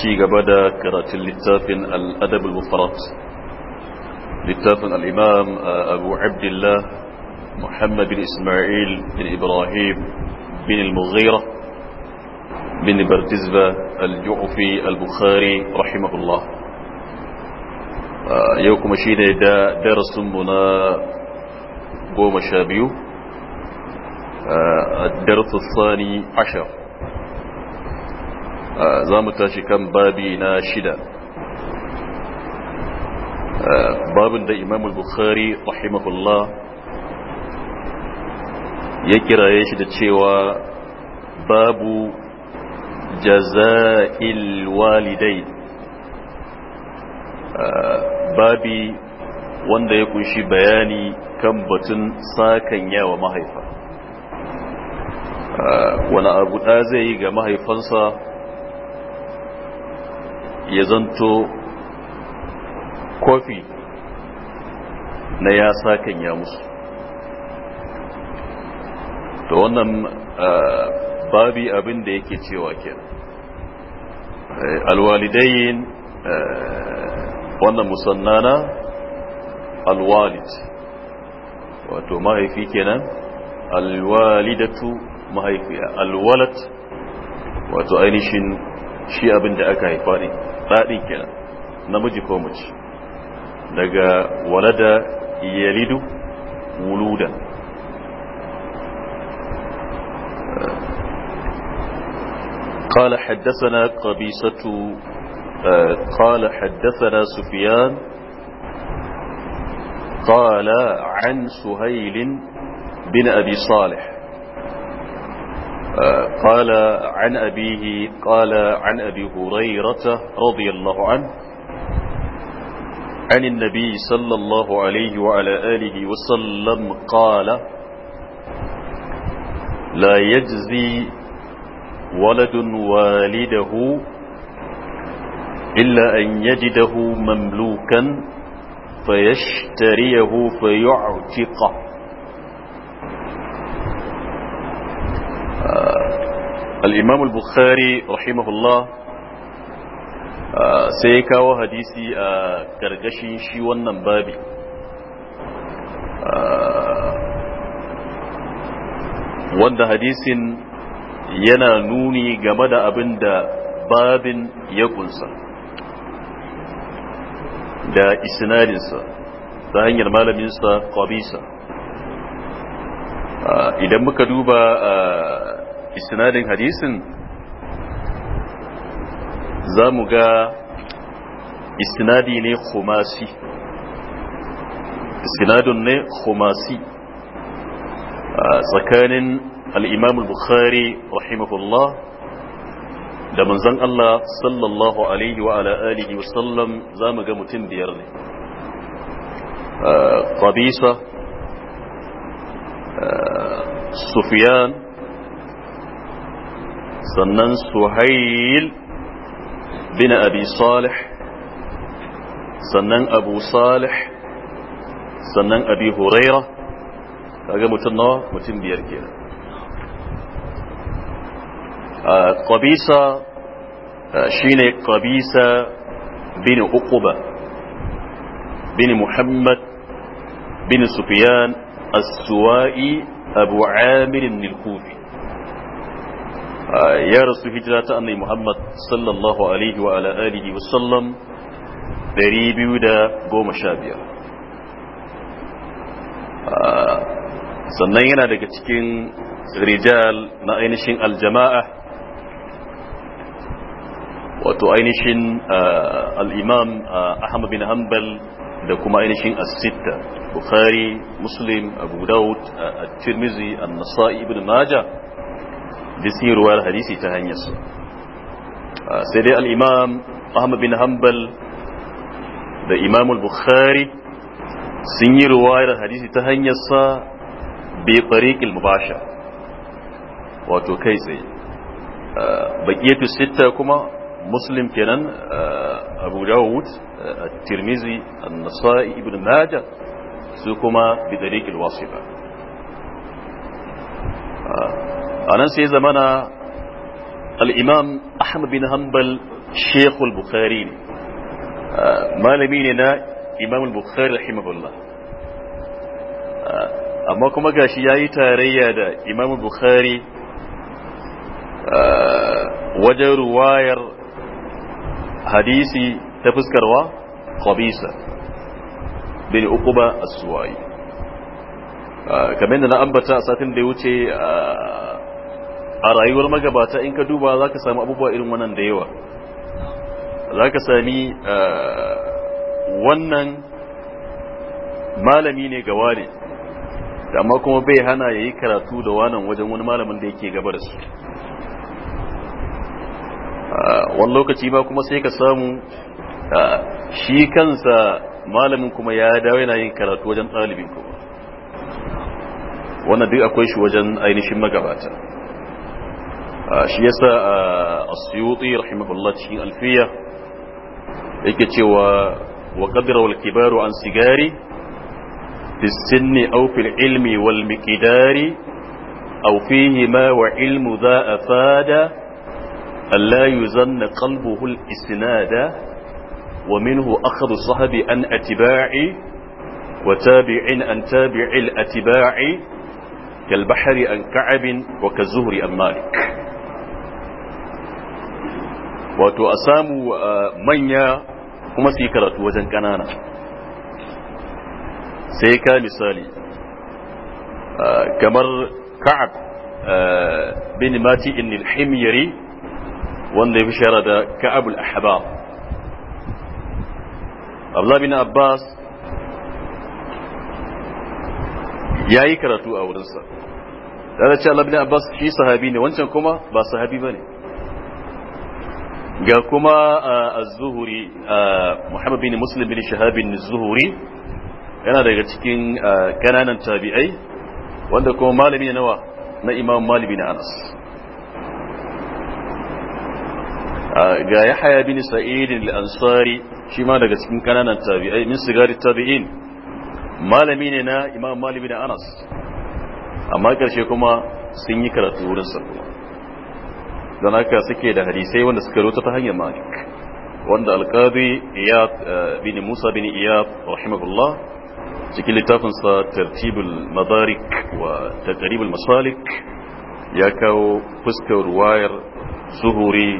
ci gaba da karatun littafin al'adab al-mufarat littafin al'imam abu abdullah muhammad bin ismail bin ibrahim bin al-mughira bin bartizba al-ju'ufi al-bukhari rahimahullah yau kuma shi ne da darasunmu na goma sha biyu a darasun الثاني ashirin za mu tashi kan babi na shida babin da imamul bukhari rahimahullah ya kiraye shi da cewa babu jaza'il walidai babi wanda ya kunshi bayani kan batun sakan yawa mahaifa wani abu ɗa zai yi ga mahaifansa ya zanto kofi na ya sakan ya musu to wannan babi abin da yake cewa ke alwalidayin e, wannan musannana alwalid wato mahaifi kenan alwalidatu mahaifi alwalat wato ainihin shi abin da aka haifa ne faɗin kenan namiji ko mace daga walada yalidu wuludan قال حدثنا قبيصة قال حدثنا سفيان قال عن سهيل بن أبي صالح قال عن أبيه قال عن أبي هريرة رضي الله عنه عن النبي صلى الله عليه وعلى آله وسلم قال لا يجزي ولد والده إلا أن يجده مملوكا فيشتريه فيعتقه al-imam bukhari rahimahullah uh, sai ya kawo hadisi a gargashin shi wannan babi uh, wanda hadisin yana nuni game da abinda da babin ya kunsa da isnadinsa ta hanyar malaminsa kwabisa uh, idan muka duba isnadin hadisin za mu ga isnadi ne khumasi isnadun ne khumasi tsakanin al'imam bukhari rahimahullah da manzan Allah sallallahu alaihi wa ala wasallam za mu ga mutum biyar ne qabisa sufyan sannan suhail bin abi salih sannan abu salih sannan abi huraira kaga mutum nawa mutum biyar kenan qabisa shine qabisa bin uquba bin muhammad bin sufyan as-suwa'i abu amir al-kufi ya rasu hijira ta annabi Muhammad sallallahu alaihi wa ala alihi wa sallam 215 sannan yana daga cikin rijal na ainihin aljama'a wato ainihin uh, al'imam uh, ahmad bin hanbal da kuma ainihin as bukhari muslim abu daud uh, at-tirmizi an-nasa'i ibn majah duk hadisi ta hanyar su sai dai al'imam ahmad bin hanbal da imam al bukhari sun yi ruwayar hadisi ta hanyar sa bai fariƙil mubasha wato kai tsaye baƙiyatu sita kuma muslim kenan abu dawud tirmizi an-nasa'i ibn majah su kuma bi tariqil wasita a nan sai zamana al'imam ahmad bin hanbal shekul bukhari ne malami ne na imam bukhari rahimahullah amma kuma gashi ya yi tarayya da imam bukhari wajen ruwayar hadisi ta fuskarwa qabisa bin uquba as-suwai kamar da na ambata a satin da ya wuce a rayuwar magabata in ka duba za ka sami abubuwa irin wannan da yawa za ka sami eh, wannan malami ne ga da amma kuma bai hana ya yi karatu da wannan wajen wani malamin da yake gaba da su eh, wani lokaci ba kuma sai ka samu eh, shi kansa malamin kuma ya dawo yana yin karatu wajen ɗalibin kuma wannan duk akwai shi wajen ainihin magabata shi yasa as-suyuti rahimahullah cikin alfiya yake cewa wa qadra wal kibaru an sigari fi sinni aw fil ilmi wal miqdari aw fihi ma wa ilmu dha afada alla yuzanna qalbuhu al isnada wa minhu akhadhu sahabi an atba'i wa tabi'in an tabi'il atba'i كالبحر عن كعب وكالزهر عن مالك wato a samu manya kuma su yi karatu wajen ƙanana sai ka misali kamar ka'ab bin mati in himyari wanda ya fi shara da ka'ab al-ahbab abla bin abbas ya yi karatu a wurinsa da ce abla bin abbas shi sahabi ne wancan kuma ba sahabi ba ne ga kuma az-zuhuri Muhammad bin Muslim bin Shahab bin zuhuri yana daga cikin kananan tabi'ai wanda kuma malami nawa na Imam Malik bin Anas ga Yahya bin Sa'id al-Ansari shi ma daga cikin kananan tabi'ai min sigari tabi'in malami ne na Imam Malik bin Anas amma karshe kuma sun yi karatu wurin sa don haka suke da hadisai wanda suka rota ta hanyar malik wanda alkabi iyad bin musa bin iyad rahimahullah cikin sa tartibul madarik wa tartibul masalik ya kawo fuskar ruwayar suhuri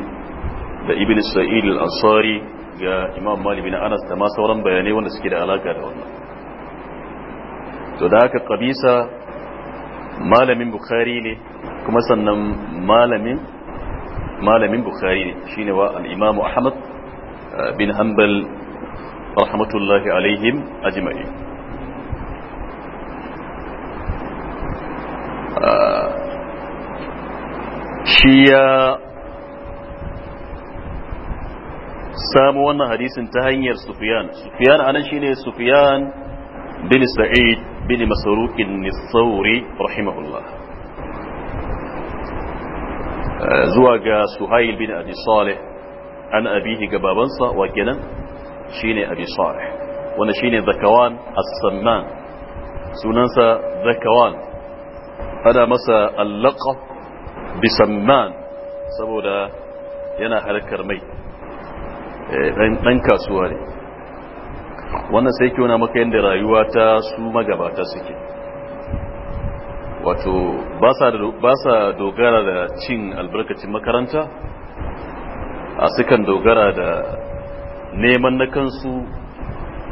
da ibn sa'id al-ansari ga imam malik bin anas da ma sauran bayanai wanda suke da alaka da wannan to da haka qabisa malamin bukhari ne kuma sannan malamin malamin bukhari ne shine wa al-imamu ahmad bin hanbal rahmatullahi alaihim ajma'i shi ya samu wannan hadisin ta hanyar sufiyan sufiyan anan shine sufiyan bin sa'id bin masarukin nisauri rahimahullah zuwa ga suhail bin abi salih an abihi ga babansa wa kenan shine abi salih wanda shine zakawan as-samman sunansa zakawan ana masa allaqab bi saboda yana harkar mai eh, dan kasuwa ne wannan sai ke wani maka yadda rayuwa ta su magabata suke wato ba sa dogara da cin albarkacin makaranta a sukan dogara da neman na kansu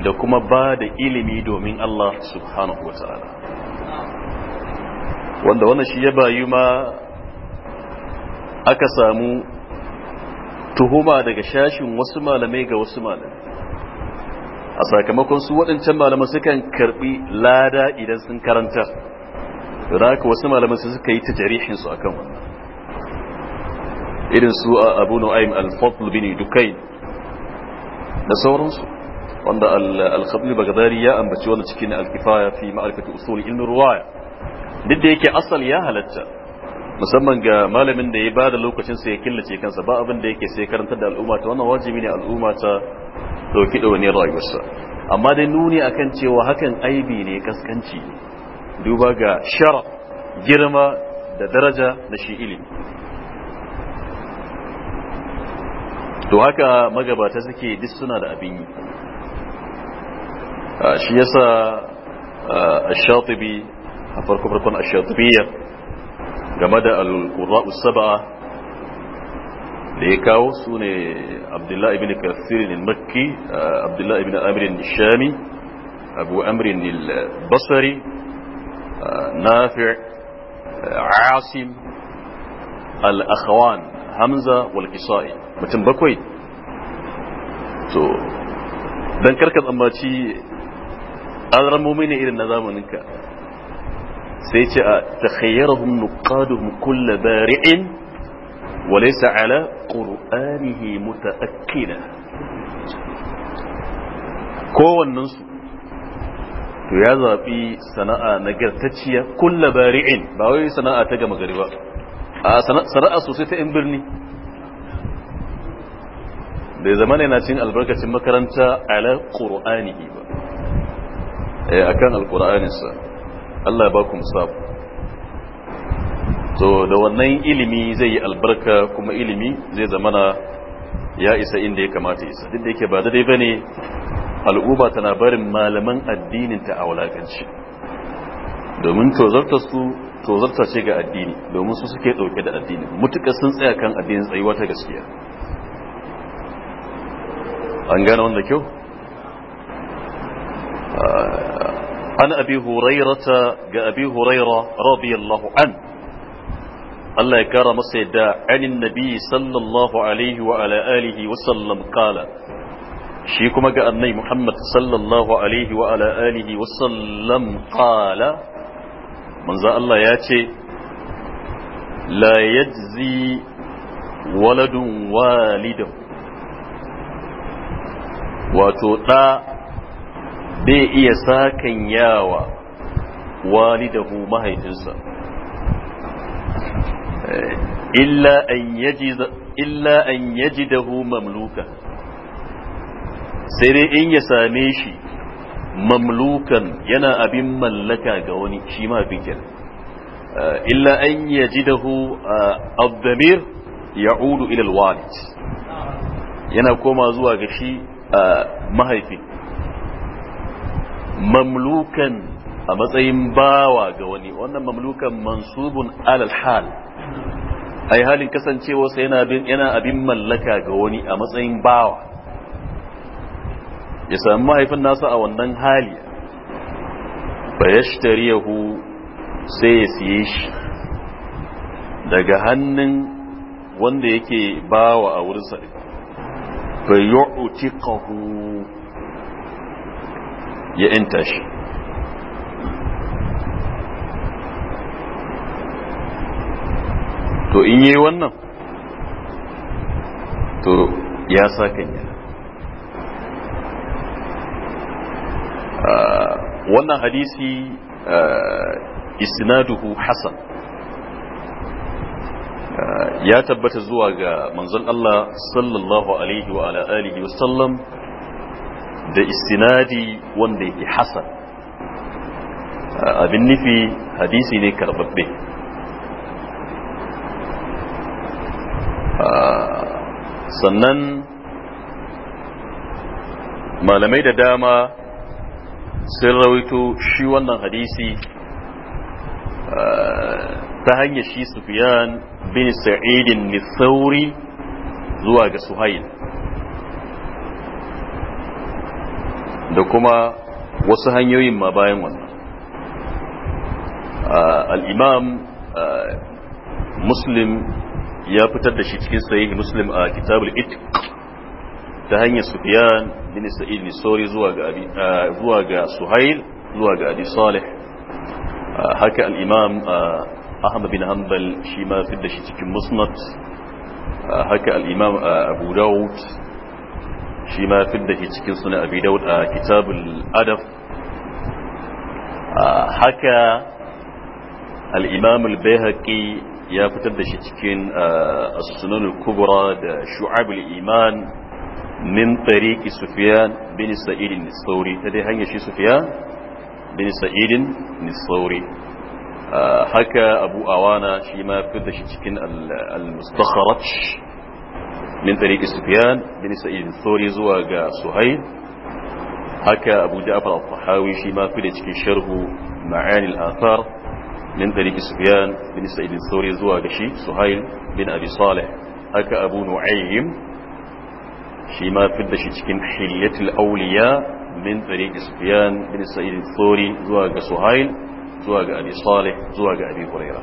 da kuma ba da ilimi domin Allah subhanahu wa ta'ala wanda wannan shi ya bayu ma aka samu tuhuma daga shashin wasu malamai ga wasu malamai a sakamakon su waɗancan malamai sukan karɓi lada idan sun karanta da haka wasu malaman su suka yi ta jarihin su akan wannan irin su a ah, abu nu'aym al-fadl bin dukayn da sauransu wanda al khabl bagdadi ya ambaci wannan cikin al-kifaya fi ma'rifati usul ilmi ruwaya duk da yake asal ya halatta musamman ga malamin da ya bada da lokacin sa ya killace kansa ba abin da yake sai karantar da al'umma ta wannan wajibi ne al'umma ta dauki da rayuwarsa amma dai nuni akan cewa hakan aibi ne kaskanci duba ga sharaf girma da daraja na shi ilimi to haka magabata suke duk suna da abin yi shi yasa ash-shatibi a farko farkon ash-shatibiyya game da al-qurra'u sab'a da ya kawo su ne abdullahi ibn kathir al-makki abdullahi ibn amr al-shami abu amr al-basri نافع عاصم الأخوان همزة والكسائي mutum bakwai to don karka tsammaci an ramomi ne irin na zamaninka sai ce a takhayyarahum nuqaduhum kulla bari'in wa laysa ala qur'anihi mutaakkida kowannen su to ya zaɓi sana'a nagartacciya kulla bari'in ba wai sana'a ta gama gari ba a sana'a sosai ta 'yan birni da ya zama yana cin albarkacin makaranta ala ba eh, a kan alƙura'aninsa allah ba ku musafu to da wannan ilimi zai yi albarka kuma ilimi zai zamana ya isa inda ya kamata isa duk da yake ba daidai ba ne al'uba tana barin malaman addininta a wulakanci domin tozarta su tozarta ce ga addini domin su suke ɗauke da addini mutuka sun tsaya kan addinin tsayuwa ta gaskiya an gane wanda kyau an abi hurairata ga abi huraira radiyallahu an Allah ya kara masa yadda anin nabi sallallahu alaihi wa ala sallam kala shi kuma ga annai Muhammad sallallahu alaihi wa ala alihi wa sallam qala manzo Allah ya ce la yajzi waladun walidan wato da bai iya sakan yawa walidahu mahaifinsa eh, illa an yajidahu mamluka sai dai in ya same shi mamlukan yana abin mallaka ga wani shi ma fikir eh, illa an yajidahu eh, abdamir ya'udu ila alwalid yana koma zuwa ga shi eh, mahaifi mamlukan a matsayin bawa ga wani wannan mamlukan mansubun alal hal ai halin kasancewa sai yana abin mallaka ga wani a matsayin bawa ya sami mahaifin nasa a wannan hali ba ya yahu sai ya siye shi daga hannun wanda yake bawa a wurinsa ba yu'tiqahu ya inta shi to in yi wannan to ya sa kanya wannan hadisi isnaduhu hasan ya tabbata zuwa ga manzon Allah sallallahu alaihi wa ala alihi wa sallam da istinadi wanda yake hasan abin nufi hadisi ne karbabbe sannan malamai da dama sun rawaito shi wannan hadisi eh, ta hanyar shi sufiyan bin sa'idin nisauri zuwa ga suhail da kuma wasu hanyoyin ma bayan wannan eh, al'imam eh, muslim ya fitar da shi cikin sayi muslim a kitabul itq ta hanyar sufyan bin sa'id nisori zuwa ga zuwa ga suhail zuwa ga abi salih haka al'imam imam ahmad bin hanbal shi ma fidda shi cikin musnad haka al'imam abu daud shi ma fidda shi cikin sunan abi daud a kitabul adab haka al'imam imam al-bayhaqi ya fitar da shi cikin as-sunan al-kubra da shu'ab al-iman من طريق سفيان بن سعيد الثوري تدي هنيا شي سفيان بن سعيد الثوري آه، هكا ابو اوانا شي ما فد cikin المستخرج من طريق سفيان بن سعيد الثوري زوا غا سهيل هكا ابو جعفر الطحاوي شي ما فد cikin شرح معاني الاثار من طريق سفيان بن سعيد الثوري زوا غشي سهيل بن ابي صالح هكا ابو نعيم shi ma fidda shi cikin hilyatul auliya min tariqi sufyan bin sa'id thori zuwa ga suhail zuwa ga abi salih zuwa ga abi huraira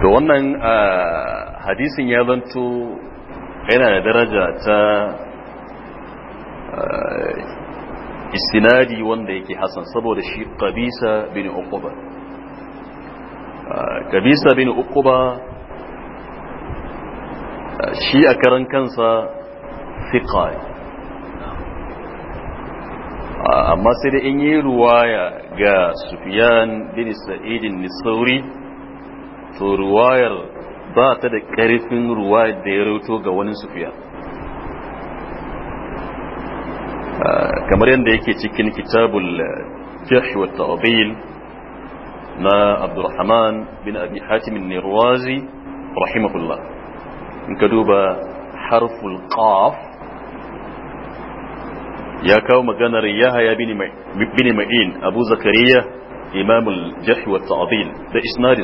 to wannan hadisin ya zanto yana da daraja ta istinadi wanda yake hasan saboda shi qabisa bin uqba kabisa bin uquba shi a karan kansa fiqa amma sai da in yi ruwaya ga sufiyan bin sa'idin nisauri to ruwayar ba ta da karfin ruwaya da ya rauto ga wani sufiya kamar yadda yake cikin kitabul fiqh wa tawbil ما عبد الرحمن بن أبي حاتم النيروازي رحمه الله انكدوب حرف القاف يا كوم رياها يا بني معين أبو زكريا إمام الجرح والتعظيم ده إسناد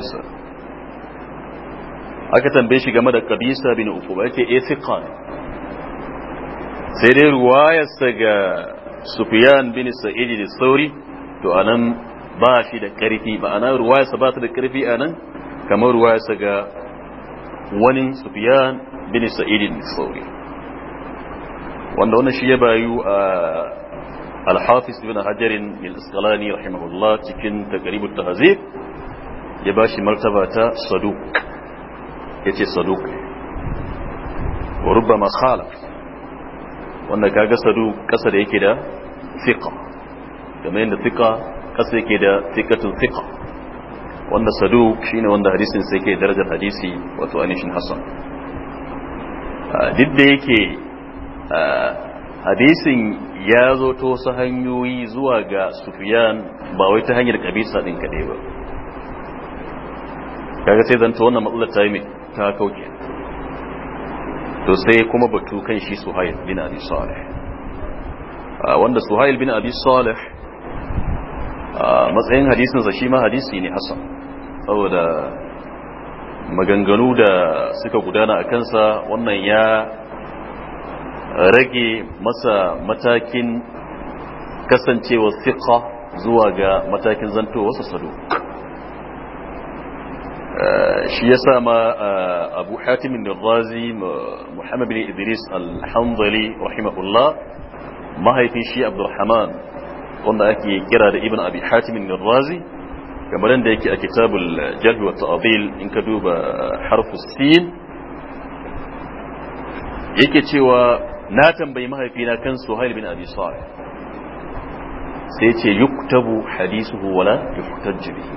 أكتا بيشي جمد كبيسة بن أفوات إيثقان سيري رواية سجا سفيان بن السعيد الثوري تو ba shi da ƙarfi ana ruwayarsa ba ta da ƙarfi a nan kamar ruwayarsa ga wani sufiyan bin sa'idin sauri wanda wannan shi ya bayu a alhafis bin hajarin al-isqalani rahimahullah cikin taqrib at-tahzib ya bashi martaba ta saduq yace saduq wa rubbama khala wanda kaga saduq kasa da yake da thiqa kamar yadda thiqa kasa yake da thiqatun thiqa wanda saduq shine wanda hadisin sai yake darajar hadisi wato anishin hasan duk da yake hadisin ya zo ta wasu hanyoyi zuwa ga sufiyan ba wai ta hanyar kabisa din kaɗai ba kaga sai zanta wannan matsalar ta yi ta kauke to sai kuma batu kan shi suhail bin abi salih wanda suhail bin abi salih matsayin hadisinsa shi ma hadisi ne hasan saboda maganganu da suka gudana a kansa wannan ya rage masa matakin kasancewa fiqa zuwa ga matakin zanto wasu sado shi ya sa ma abu hatimin razi muhammad idris alhamdali rahimahullah mahaifin shi abdulrahman wanda ake kira da ibn abi hatimin razi kamar yadda yake a kitabul jarh wa ta'dil in ka duba harfu sin yake cewa na tambayi mahaifina kan suhail bin abi salih sai ce yuktabu hadisuhu wala yuhtajju bihi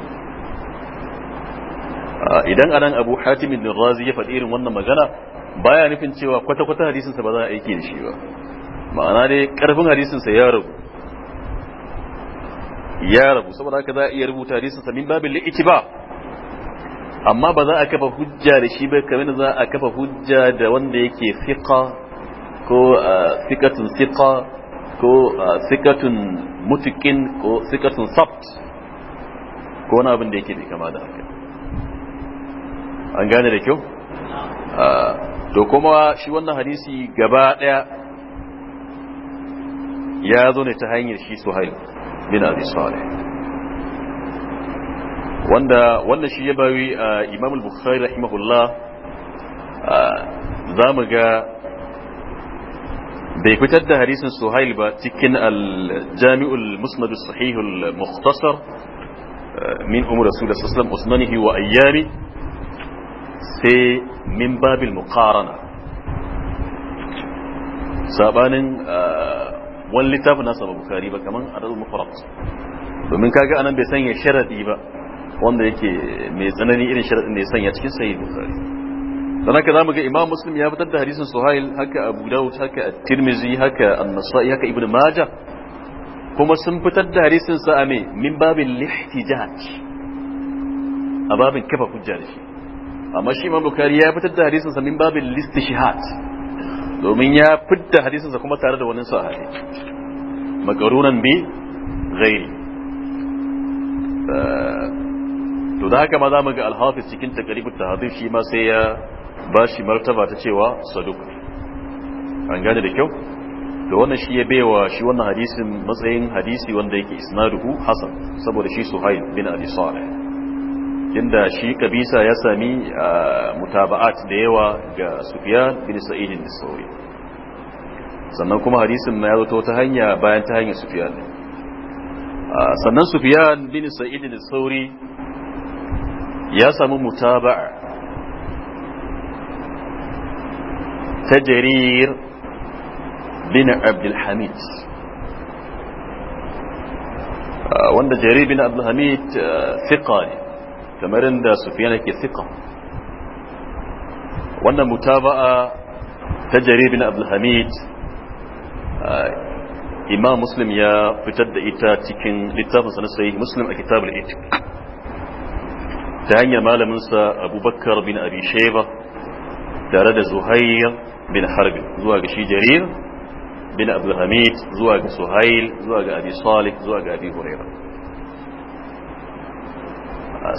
idan anan abu hatimin bin razi ya faɗi irin wannan magana baya nufin cewa kwata-kwata hadisinsa ba za a aiki da shi ba ma'ana dai ƙarfin hadisinsa ya ragu ya rabu saboda haka za a iya rubuta hadisin sa min babin li'iti ba amma ba za a kafa hujja da shi ba kamar za a kafa hujja da wanda yake fiqa ko fiqatun fiqa ko fiqatun mutiqin ko fiqatun sabt ko wani abin da yake bai kama da haka an gane da kyau to kuma shi wannan hadisi gaba daya ya zo ne ta hanyar shi suhail bin abi salih wanda wannan shi ya bawi imam al-bukhari rahimahullah za mu ga bai fitar da harisun suhail ba cikin al-jami'ul musnad as-sahih al-mukhtasar min umar rasul sallallahu usmanihi wa ayyami sai min babil muqarana sabanin wani littafi na ba bukari ba kamar adadul mufrad domin kaga anan bai sanya sharadi ba wanda yake mai tsanani irin sharadin da ya sanya cikin sahih bukari dan haka zamu ga imam muslim ya fitar da hadisin suhail haka abu daud haka at haka an-nasa'i haka Ibn Maja. kuma sun fitar da hadisin sa a me min babin lihtijaj a babin kafa hujja da shi amma shi imam bukari ya fitar da hadisin sa min babin listishhad domin ya fidda hadisinsa kuma tare da wani sahabi makarunan bi ghairi to da haka ma za mu ga alhafiz cikin takaribu tahdhib shi ma sai ya ba shi martaba ta cewa saduk an gane da kyau To wannan shi ya baiwa shi wannan hadisin matsayin hadisi wanda yake isnaduhu hasan saboda shi suhail bin abi salih inda shi kabisa ya sami mutaba'at da yawa ga sufiyan bin sa'idin da sauri sannan kuma hadisin ma ya zo ta hanya bayan ta hanyar sufiyan ne sannan sufiyan bin sa'idin da sauri ya sami mutaba'a ta jarir bin abdulhamid wanda jarir bin abdulhamid fiqa ne kamar inda sufiyan yake thiqa wannan mutaba'a ta jarir bin abdul hamid ah, imam muslim ya fitar da ita cikin littafin sa na sahih muslim a kitabul itiq ta hanyar malamin sa abubakar bin abi tare da zuhair bin harbi zuwa ga shi jarir bin abdul zuwa ga suhail zuwa ga abi zuwa ga abi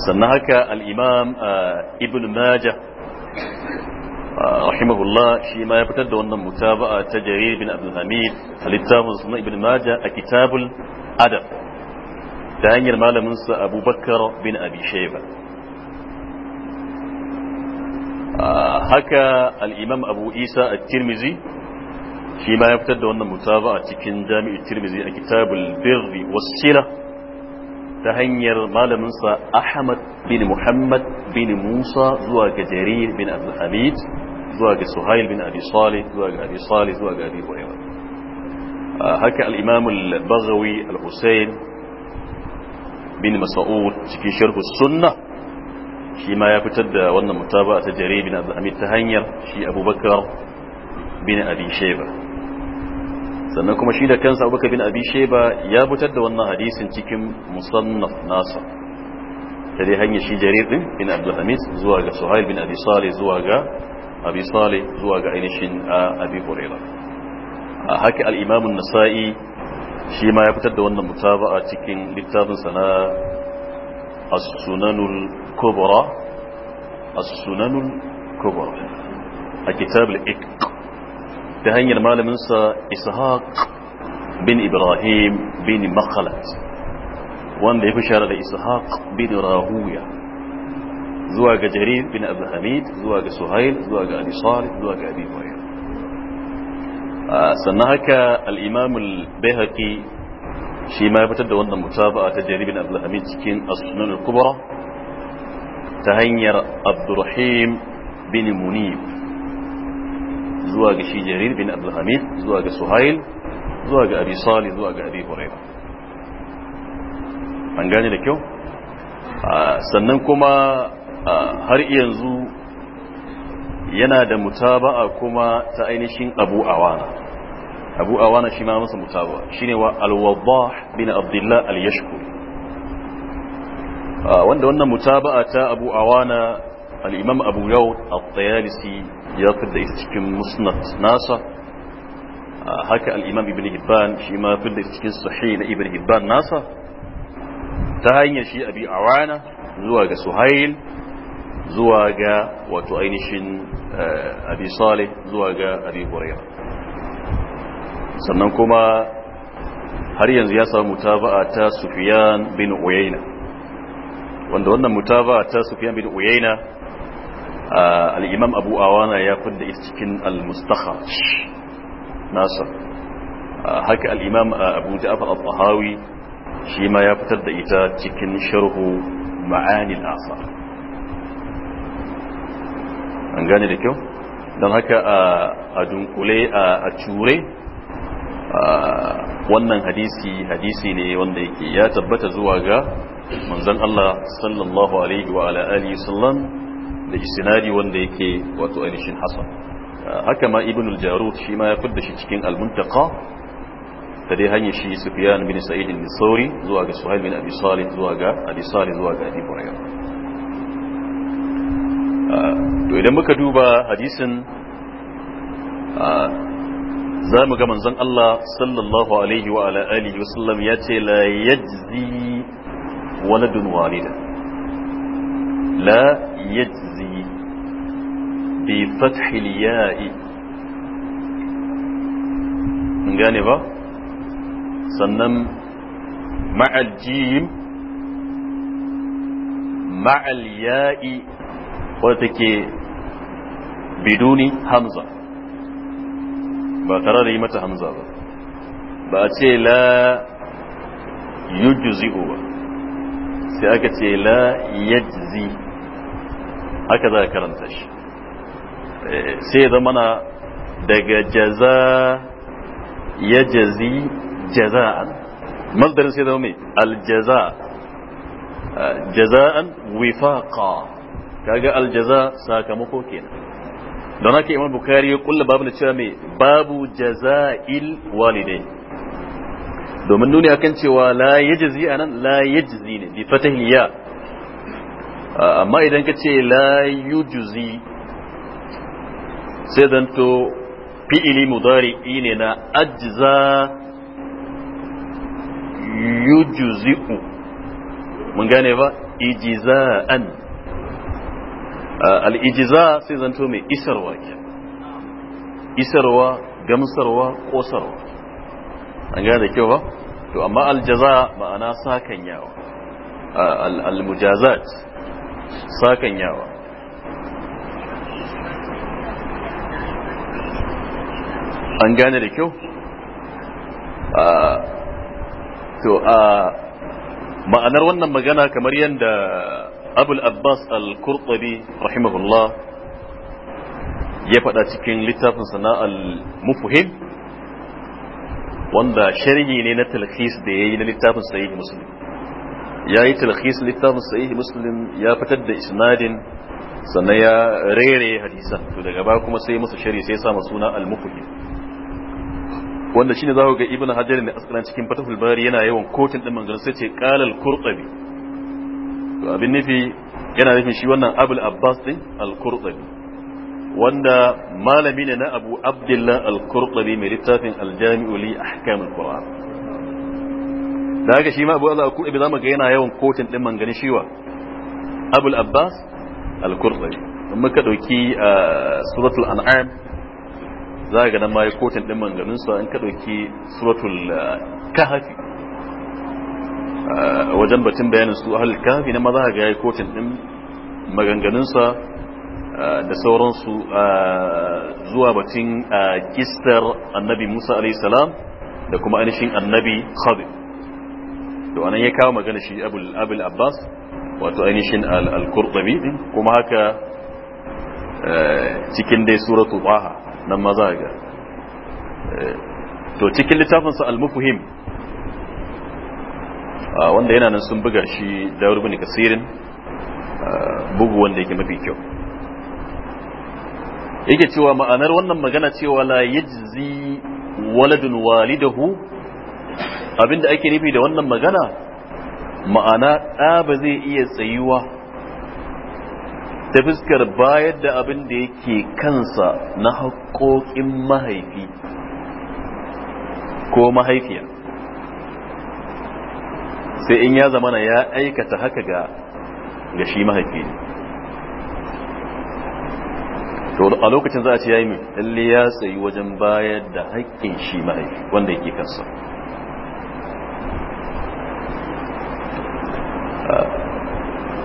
sannan haka al'imam ibn majah rahimahullah shi ma ya fitar da wannan mutaba'a ta jarir bin abdulhamid a littafin sunan ibn majah a kitabul adab ta hanyar malaminsa abubakar bin abi shaiba haka al'imam abu isa a tirmizi shi ma ya fitar da wannan mutaba'a cikin jami'ar tirmizi a kitabul birri wasu ta hanyar malaminsa Ahmad bin Muhammad bin Musa zuwa ga Jarir bin Abdul Hamid zuwa ga Suhail bin Abi Salih zuwa ga Abi Salih zuwa ga Abi Hurairah haka al-Imam al-Baghawi al-Husayn bin Mas'ud cikin sharh sunnah shi ma ya fitar da wannan mutaba'a ta Jarir bin Abdul Hamid ta hanyar shi Abubakar bin Abi Shaybah sannan kuma shi da kansa abubakar bin abi sheba ya fitar da wannan hadisin cikin musannaf nasa ta dai hanyar shi jarir din bin abdulhamis zuwa ga suhail bin abi salih zuwa ga abi salih zuwa ga ainihin abi huraira a haka al nasai shi ma ya fitar da wannan mutaba a cikin littafin sa na as-sunanul kubra as-sunanul kubra a kitab al-iq ta hanyar malaminsa ishaq bin ibrahim bin makalat wanda ya fi shara da ishaq bin rahuya zuwa ga jarir bin abdulhamid zuwa ga suhail zuwa ga abi salih zuwa ga abi hurairah sannan haka al-imam al-baihaqi shi ma ya fitar da wannan mutaba'a ta jarir bin abdulhamid cikin as-sunan al-kubra ta hanyar abdurrahim bin munib zuwa ga shi jarir bin abdulhamid zuwa ga suhail zuwa ga abi sali zuwa ga abi huraira an gane da kyau sannan kuma har yanzu yana da mutaba'a kuma ta ainihin abu awana abu awana shi ma masa mutaba'a shine wa al-wadah bin abdullah al-yashkur wanda wannan mutaba'a ta abu awana al-imam abu yawd at-tayalisi ya fidda isa cikin musnad nasa haka alimam imam ibn hibban shi ma fidda isa cikin sahih na ibn hibban nasa ta hanyar shi abi awana zuwa ga suhail zuwa ga wato ainihin abi salih zuwa ga abi hurairah sannan kuma har yanzu ya samu mutaba'a ta Sufiyan bin uyayna wanda wannan mutaba'a ta Sufiyan bin uyayna al'imam abu awana ya da ita cikin al mustakha nasa haka al'imam abu ja'afar al-tahawi shi ma ya fitar da ita cikin sharhu ma'anil Asa. an gane da kyau don haka a dunkule a cure wannan hadisi hadisi ne wanda yake ya tabbata zuwa ga manzan Allah sallallahu alaihi wa ala alihi da isnadi wanda yake wato ainihin hasan haka ma ibn al-jarud shi ma ya fidda shi cikin al-muntaqa ta dai hanyar shi sufyan bin sa'id bin sauri zuwa ga suhail bin abi salih zuwa ga abi salih zuwa ga abi hurairah to idan muka duba hadisin za mu ga manzon Allah sallallahu alaihi wa ala alihi wasallam ya ce la yajzi waladun walida لا يجزي بفتح الياء من جانبه سنم مع الجيم مع الياء وتك بدون همزة بترى ريمة بأتي لا يجزئ سأكتي لا يجزي haka za a karanta shi eh, sai ya daga jaza ya jazi jaza'an masdarin sai zama mai aljaza eh, jaza'an wifaqa kaga aljaza sakamako kenan don haka imam bukari ya kulla babu na cewa mai babu jaza'il walidai domin nuni akan cewa la yajzi anan la jazi ne bi ya amma idan ka ce la juzi sai zanto fi'ili mudari'i ne na juzi ku mun gane ba ijiza al al’ijiza sai zanto mai isarwa ke isarwa gamsarwa kosarwa an gane da kyau ba to amma aljaza ma'ana yawa al-mujazat sakanyawa an gane da kyau ah, to a ah, ma'anar wannan magana kamar yadda abul abbas al-kurtabi rahimahullah ya faɗa cikin littafin sana'ar mufuhim wanda sharhi ne na talhis da ya na littafin sayi musulmi ya yi talhis littafin sahihi muslim ya fitar da isnadin sannan ya rere hadisa to daga baya kuma sai musu shari sai sa suna al-mufhim wanda shine za ga ibnu hajar ne asqalan cikin fatahul bari yana yawan kotin din manzon sai ce qala al to abin nufi yana nufin shi wannan abul abbas din al-qurtubi wanda malami ne na abu abdullah al-qurtubi mai littafin al-jami'u li ahkam al-qur'an da haka shi ma abu Allah kurɗabi za mu ga yana yawan kotun ɗin mangani shiwa abul abbas al-kurɗabi in muka ɗauki suratul an'am za ga nan ma ya kotun ɗin manganinsa in ka dauki suratul kahafi wajen batun bayanin su kahfi kahafi na maza ga ya kotun ɗin sa da sauransu zuwa batun kistar annabi musa salam da kuma ainihin annabi khadir da wannan ya kawo magana shi abul abbas wato ainihin al-qurtubi din kuma haka eh, cikin dai suratu baha nan ma za ga eh, to cikin littafin su al-mufhim ah, wanda yana nan sun buga shi da bin kasirin ah, bugu wanda yake mafi kyau yake cewa ma'anar wannan magana cewa la yajzi waladun walidahu abinda ake nufi da wannan magana ma'ana ɗa ba zai iya tsayuwa ta fuskar bayar da abin da yake kansa na haƙoƙin mahaifi ko mahaifiya sai in ya zama na ya aikata haka ga ga shi mahaifi a lokacin za a ce ya yi mai ya tsayi wajen bayar da haƙƙin shi mahaifi wanda yake kansa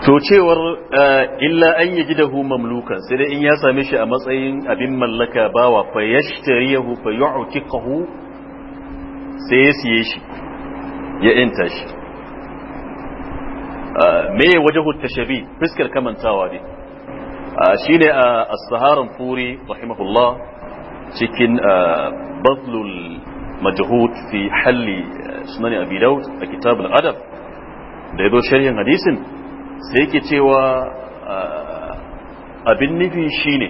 to cewar illa an yi gidahu mamlukan sai dai in ya same shi a matsayin abin mallaka bawa fa yashtariyahu fa ya sai ya siye shi ya inta shi me ya waje tashabi fiskar kamantawa ne shi ne a as-saharan furi rahimahullah cikin bazlul majhud fi halli sunan abi daud a kitab al-adab da ya zo hadisin sai ke cewa abin nufi shine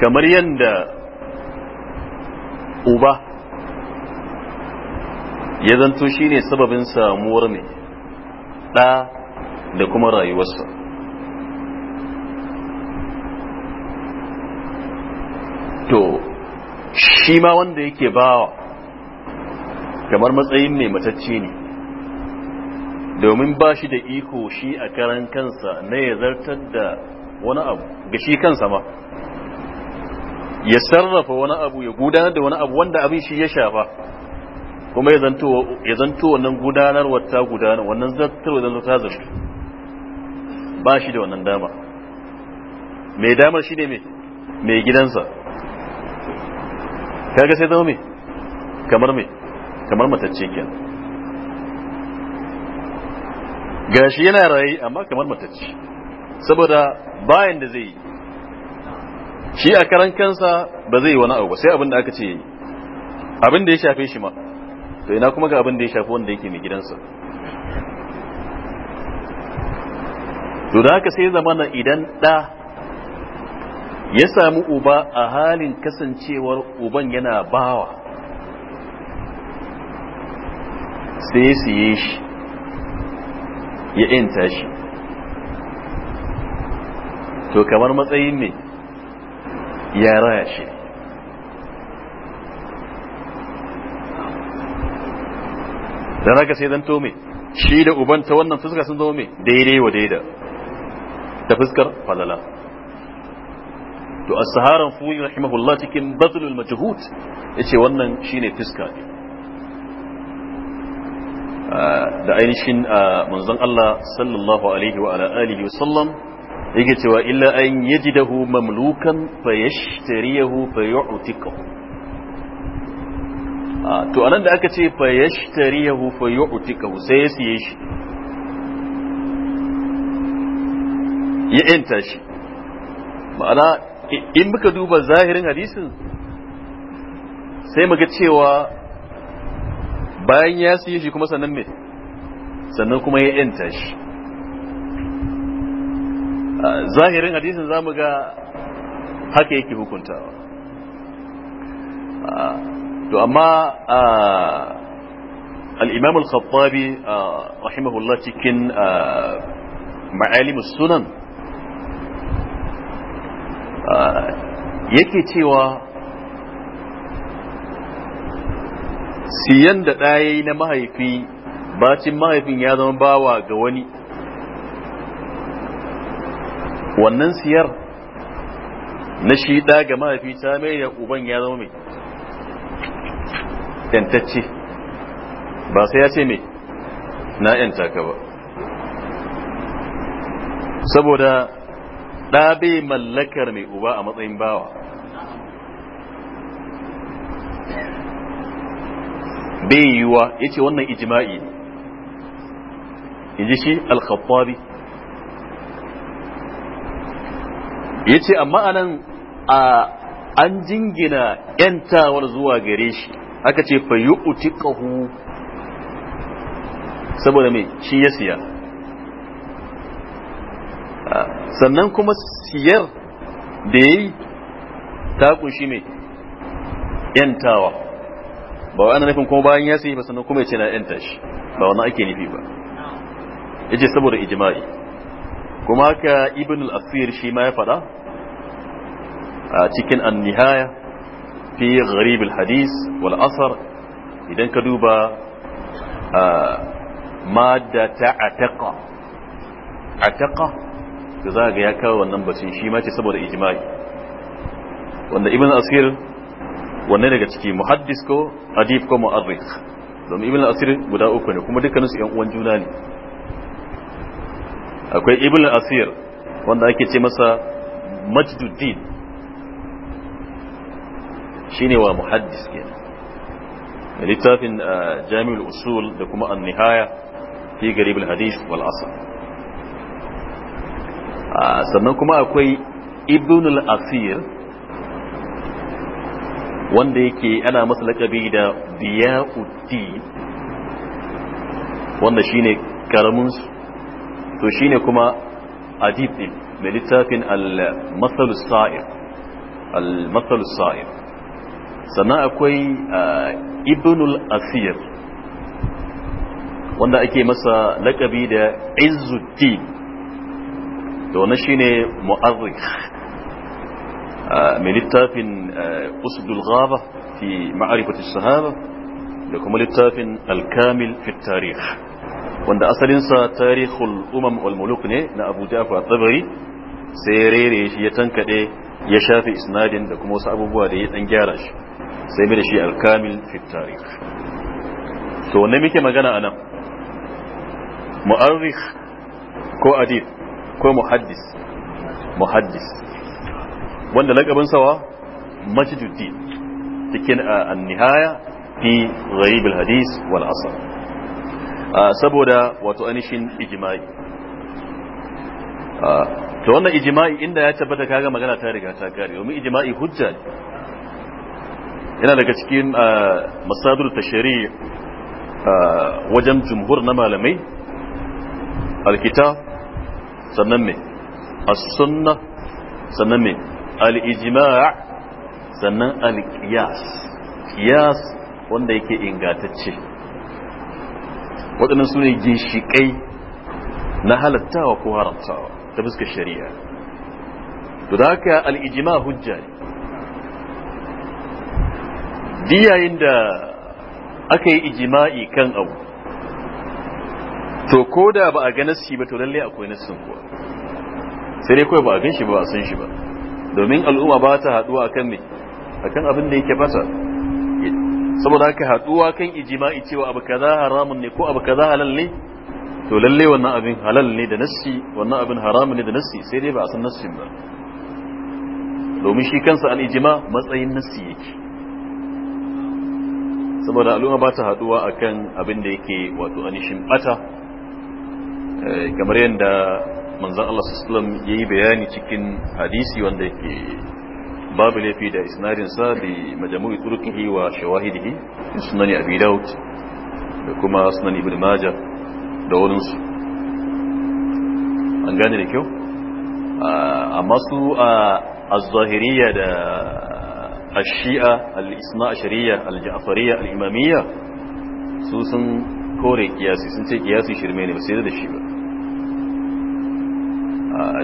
kamar yadda uba ya zanto shine sababin samuwar ne ɗa da kuma rayuwarsa to shi ma wanda yake bawa kamar matsayin mai matacce ne domin ba shi da iko shi a karan kansa na ya zartar da wani abu ga shi kansa ma ya sarrafa wani abu ya gudanar da wani abu wanda abin shi ya shafa kuma ya zanto wannan gudanarwar ta gudanar wannan zartarwa zanto ta zartu ba shi da wannan dama mai damar shi ne mai gidansa kaga sai zama mai kamar mai kamar matacce ke. gashi yana raye amma kamar matacce saboda bayan da zai yi shi a karan kansa ba zai yi wani abu ba sai abin da aka ce yi abin da ya shafe shi ma to ina kuma ga abin da ya shafi wanda yake mai gidansa to da haka sai zamana idan ɗa ya samu uba a halin kasancewar uban yana bawa sai ya siye shi ya inta shi to kamar matsayin ne ya raya shi don haka sai zan tome shi da uban ta wannan fuska sun zama mai daidai wa daida ta fuskar falala to a saharan fuyi rahimahullah cikin bazlul ya ce wannan shi ne fuska ne da ainihin manzon Allah sallallahu alaihi wa ala alihi wasallam yake cewa illa an yajidahu mamlukan fayashtariyahu fayu'tikahu to anan da aka ce fayashtariyahu fayu'tikahu sai ya siye shi ya yanta shi ma'ana in muka duba zahirin hadisin sai muga cewa bayan ya siye shi kuma sannan me sannan kuma ya yanta shi zahirin hadisin za mu ga haka yake hukuntawa to amma al-imam al-khattabi rahimahullah cikin ma'alimus sunan yake cewa siyan da ɗaya na mahaifi bacin mahaifin ya zama bawa ga wani wannan siyar na shi ɗa ga mahaifi ta mai uban ya zama mai ƴantacce ba sai ya ce mai na yanta ka ba saboda ɗa bai mallakar mai uba a matsayin bawa bai yiwuwa ya ce wannan ijima'i in ji shi alkhattabi ya ce amma anan a an jingina yantawar zuwa gare shi aka ce fa utikahu saboda mai shi ya siya sannan kuma siyar da ya yi ta kunshi mai yantawa ba wani nufin kuma bayan ya sayi ba sannan kuma ya ce na ɗan shi ba wani ake nufi ba ya ce saboda ijima'i kuma haka ibn al-asir shi ma ya faɗa a cikin an-nihaya fi gharib al-hadis wal asar idan ka duba madda ta ataqa ataqa da za ga ya kawo wannan bacin shi ma ce saboda ijima'i wanda ibn asir wanne daga ciki muhaddis ko adib ko mu'arrikh domin ibn al-asir guda uku ne kuma dukkaninsu yan uwan juna ne akwai ibn al-asir wanda ake ce masa majduddin shine wa muhaddis kenan littafin uh, jami'ul usul da kuma an-nihaya fi garib al-hadith wal asl uh, sannan kuma akwai ibn al-asir wanda yake ana masa lakabi da diya'uddi wanda shine karamin su to shine kuma adib din mai littafin al-masal sa'ir al-masal sa'ir sannan akwai eh, ibnul asir wanda ake masa lakabi da izzuddin da wannan shine mu'arrikh آه، من التافن آه، أسد الغابة في معرفة الصحابة لكم التافن الكامل في التاريخ وعند أصل إنسى تاريخ الأمم والملوك نأبو جعف الطبري سيرير يتنك يشاف إسناد لكم وصعب بوادي أنجارش سيبير شيء الكامل في التاريخ سو نميك مغانا أنا مؤرخ كو أديد كو محدث محدث wanda lakabin sawa majiduddin cikin an-nihaya fi gharib al-hadis wal asr saboda wato anishin ijma'i to wannan ijma'i inda ya tabbata kaga magana ta riga ta kare domin ijma'i hujja yana daga cikin masadul tashri' wajen jumhur na malamai alkitab sannan me as-sunnah sannan me Alijimaa sannan al-qiyas qiyas wanda yake ingantacce waɗannan sune ginshiƙai na halattawa ko haramtawa ta fuskar shari'a to da haka al-ijma' hujja ne yayin da aka yi ijima'i kan abu to ko da ba a ga shi ba to lalle akwai nassin kuwa sai dai kawai ba a gan shi ba a san shi ba domin al'umma ba ta haduwa akan me akan abin da yake fasa saboda haka haduwa kan ijma'i cewa abu kaza haramun ne ko abu kaza halal ne to lalle wannan abin halal ne da nassi wannan abin haramun ne da nassi sai dai ba a san nassin ba domin shi kansa an ijima matsayin nassi yake saboda al'umma ba ta haduwa akan abin da yake wato anishin bata eh, kamar yadda manzan Allah ya yi bayani cikin hadisi wanda yake babu laifi da isnadinsa da majamu'i turkihi wa shawahidihi sunani abi daud da kuma sunan ibn majah da wurinsu an gane da kyau ah, A su ah, a da ashi'a al-isna ashariya al Ja'afariya al Imamiya su sun kore kiyasi sun ce kiyasi shirme ne ba sai da shi ba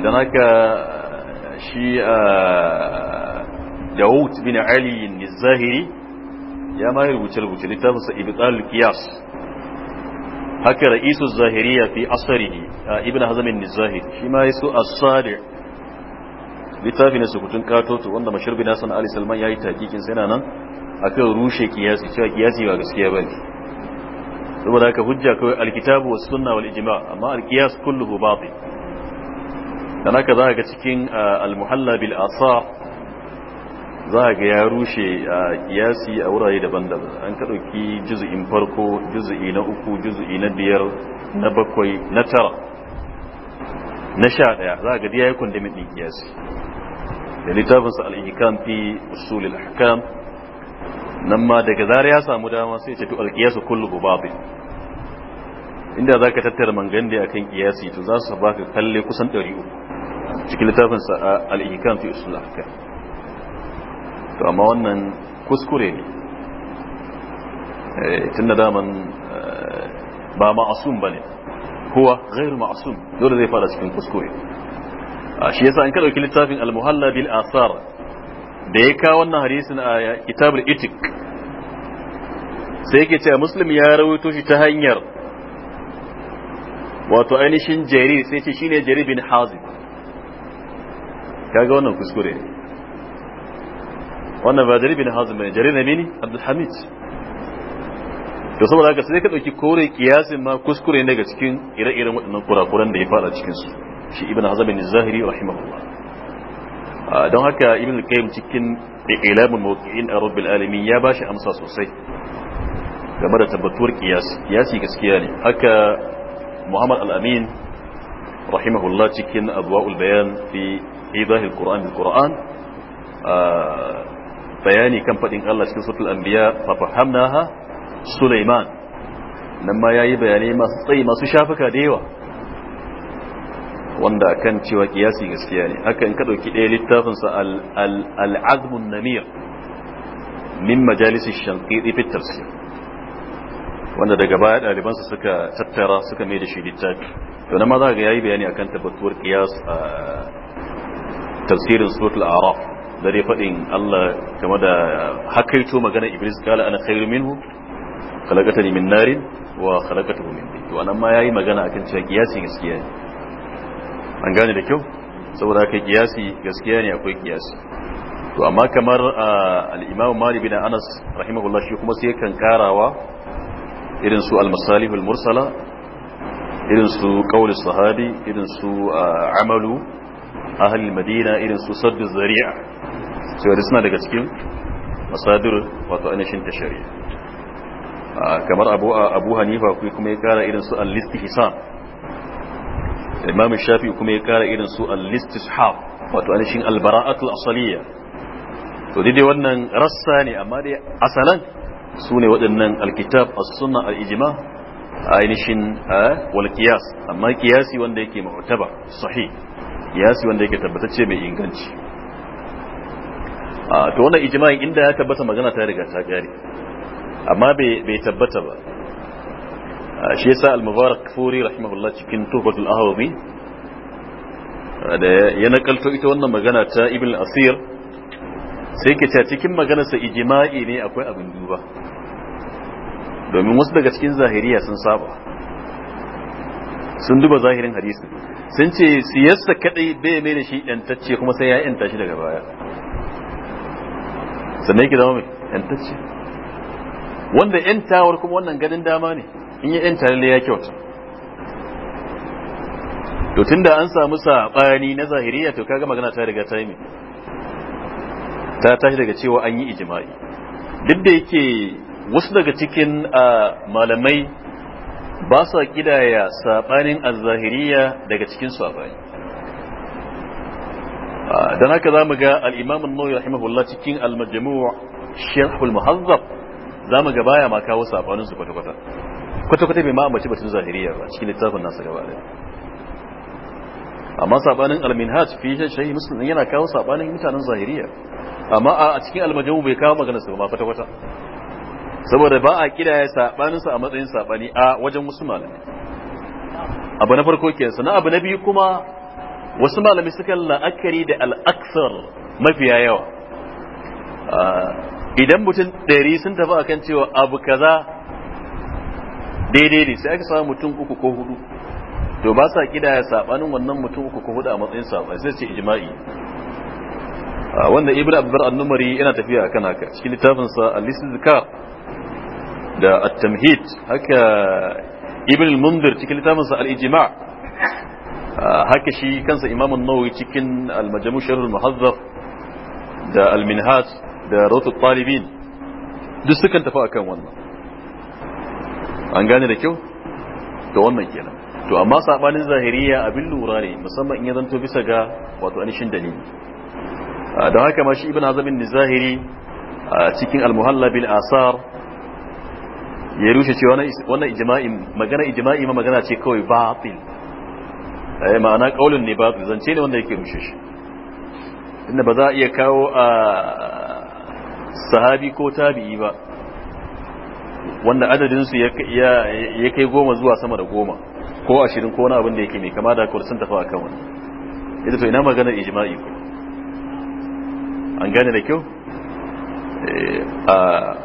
don haka shi Dawud bin Ali Zahiri ya ma rubuce rubuce littafinsa Ibtal Qiyas haka ra'isu Zahiriya fi asarihi Ibn Hazm Zahiri shi ma yi su sadi littafin ne sukutun katoto wanda mashirbi na Ali Salman yayi takikin sai nan akan rushe kiyasi cewa kiyasi ba gaskiya ne saboda haka hujja kawai alkitabu was sunna wal ijma amma alkiyas kullu kulluhu batil dan haka za ga cikin uh, al-muhalla bil asaf za ga ya rushe uh, kiyasi a wurare daban-daban an ka dauki juz'in farko juz'i na uku juz'i na biyar na bakwai na tara na sha daya za ga ya yi kundumin din kiyasi da littafinsa al-ihkam fi usul al-ahkam nan ma daga zara ya samu dama sai ce to al-qiyasu kullu batil inda za ka tattara mangandi akan kiyasi to za su baka kalle kusan 300 cikin littafin sa al-ihkam fi usul ahkam to amma wannan kuskure ne eh, tunda daman eh, ba ma'asum bane huwa ghairu ma'asum dole zai fara cikin kuskure ah, shi yasa an ka dauki littafin al-muhalla bil asar da ya kawo wannan hadisin a kitabul itik sai yake cewa muslim ya rawaito shi ta hanyar wato ainihin jarir sai ce shine jarir bin hazim kaga wannan kuskure wannan ba jarir bin hazim bane jarir namini abdul hamid to saboda haka sai ka dauki kore kiyasin ma kuskure ne daga cikin ire-iren waɗannan kurakuran da ya fara cikin su shi ibn hazm bin zahiri rahimahullah don haka ibn qayyim cikin ilamul mawqi'in rabbil alamin ya bashi amsa sosai game da tabbatuwar kiyasi kiyasi gaskiya ne haka muhammad al-amin rahimahullah cikin adwa'ul bayan fi إيضاح القرآن بالقرآن بياني كم فإن الله في سورة الأنبياء ففهمناها سليمان لما يأي بياني ما سطي ما سشافك ديوة wanda kan cewa kiyasi gaskiya ne haka in ka ɗauki ɗaya littafinsa al'azmun namir min majalisi shanƙiɗi fit tafsir wanda daga baya ɗalibansa suka tattara suka mai da shi littafi to na ma za ga yayi bayani akan tabbatuwar kiyas tafsirin suratul araf da dai faɗin Allah game da hakaito magana iblis kala ana khairu minhu khalaqatani min narin wa khalaqatuhu min tin to anan ma yayi magana akan cewa kiyasi gaskiya ne an gane da kyau saboda haka kiyasi gaskiya ne akwai kiyasi to amma kamar al-Imam Malik bin Anas rahimahullah shi kuma sai kan karawa irin su al-masalihul mursala irin su qaulus sahabi irin su amalu ahalil madina irin su saddu zari'a sai wadda suna daga cikin masadir wato ainihin ta shari'a kamar abu abu hanifa kuma ya kara irin su al-istihsan imam shafi kuma ya kara irin su al-istishab wato ainihin al-bara'atul asaliya to dai wannan rassa ne amma dai asalan su ne waɗannan alkitab as-sunna al-ijma ainihin eh, wal qiyas amma qiyasi wanda yake mu'taba sahih kiyasi wanda yake tabbatacce mai inganci a ah, to wannan ijma'in inda ya tabbata magana ta riga ta gari amma bai tabbata ba ah, shi yasa al-mubarak furi rahimahullah cikin tuhfatul ahwami ah, da ya nakalto ita wannan magana ta ibn asir sai ke ta cikin maganarsa ijma'i ne akwai abin duba domin wasu daga cikin zahiriya sun saba sun duba zahirin hadisin sun ce siyasta kadai bai mai da shi yantacce kuma sai ya yanta shi daga baya sannan yake zama mai yantacce wanda yantawar kuma wannan ganin dama ne in ya yanta lalle ya kyauta to tunda an samu sabani na zahiriya to kaga magana ta riga ta yi ta tashi daga cewa an yi ijima'i duk da yake wasu daga cikin ah, malamai ba sa gidaya saɓanin az-zahiriyya daga cikin sabani ah, dan haka mu ga al-imam an-nawawi rahimahullah cikin al-majmu' sharh al-muhazzab zamu ga baya ma kawo saɓaninsu kwata kwata kwata kwata bai ma ambaci batun zahiriya ba cikin littafin nasa gaba ɗaya amma saɓanin al-minhaj fi shahi muslim yana kawo saɓanin mutanen zahiriya. amma a cikin al-majmu' bai kawo maganar su ba kwata kwata saboda ba a kidaya sabaninsa a matsayin sabani a wajen wasu malami. abu na farko ke na abu na biyu kuma wasu malami suka la'akari da al'aksar mafiya yawa idan mutum ɗari sun tafi akan cewa abu kaza daidai ne sai aka samu mutum uku ko hudu to ba sa kidaya sabanin wannan mutum uku ko hudu a matsayin sabani sai ce ijma'i wanda ibnu abdur an yana tafiya akan haka cikin littafinsa al-istizkar da at-tamhid haka ibn al-mundir cikin littafinsa al-ijma ah, haka shi kansa imam an-nawawi cikin al-majmu' sharh al-muhazzab da al-minhaj da rawt at-talibin duk sukan tafi akan wannan an gane da kyau to wannan kenan to amma sabanin zahiriya abin lura ne musamman in ya zanto bisa ga wato anishin dalili ah, don haka ma shi ibn azabin zahiri ah, cikin al-muhalla bil asar ya rushe ce wannan ijima'i magana ijima'i ma magana ce kawai batil eh ma'ana ƙaunin ne batil zance ne wanda yake rushe shi inda ba za a iya kawo a sahabi ko tabi'i ba wanda adadin su ya kai goma zuwa sama da goma ko ashirin ko wani abin da yake mai kama da kawai sun tafi kan wani ita to ina magana ijima'i ko an gane da kyau eh,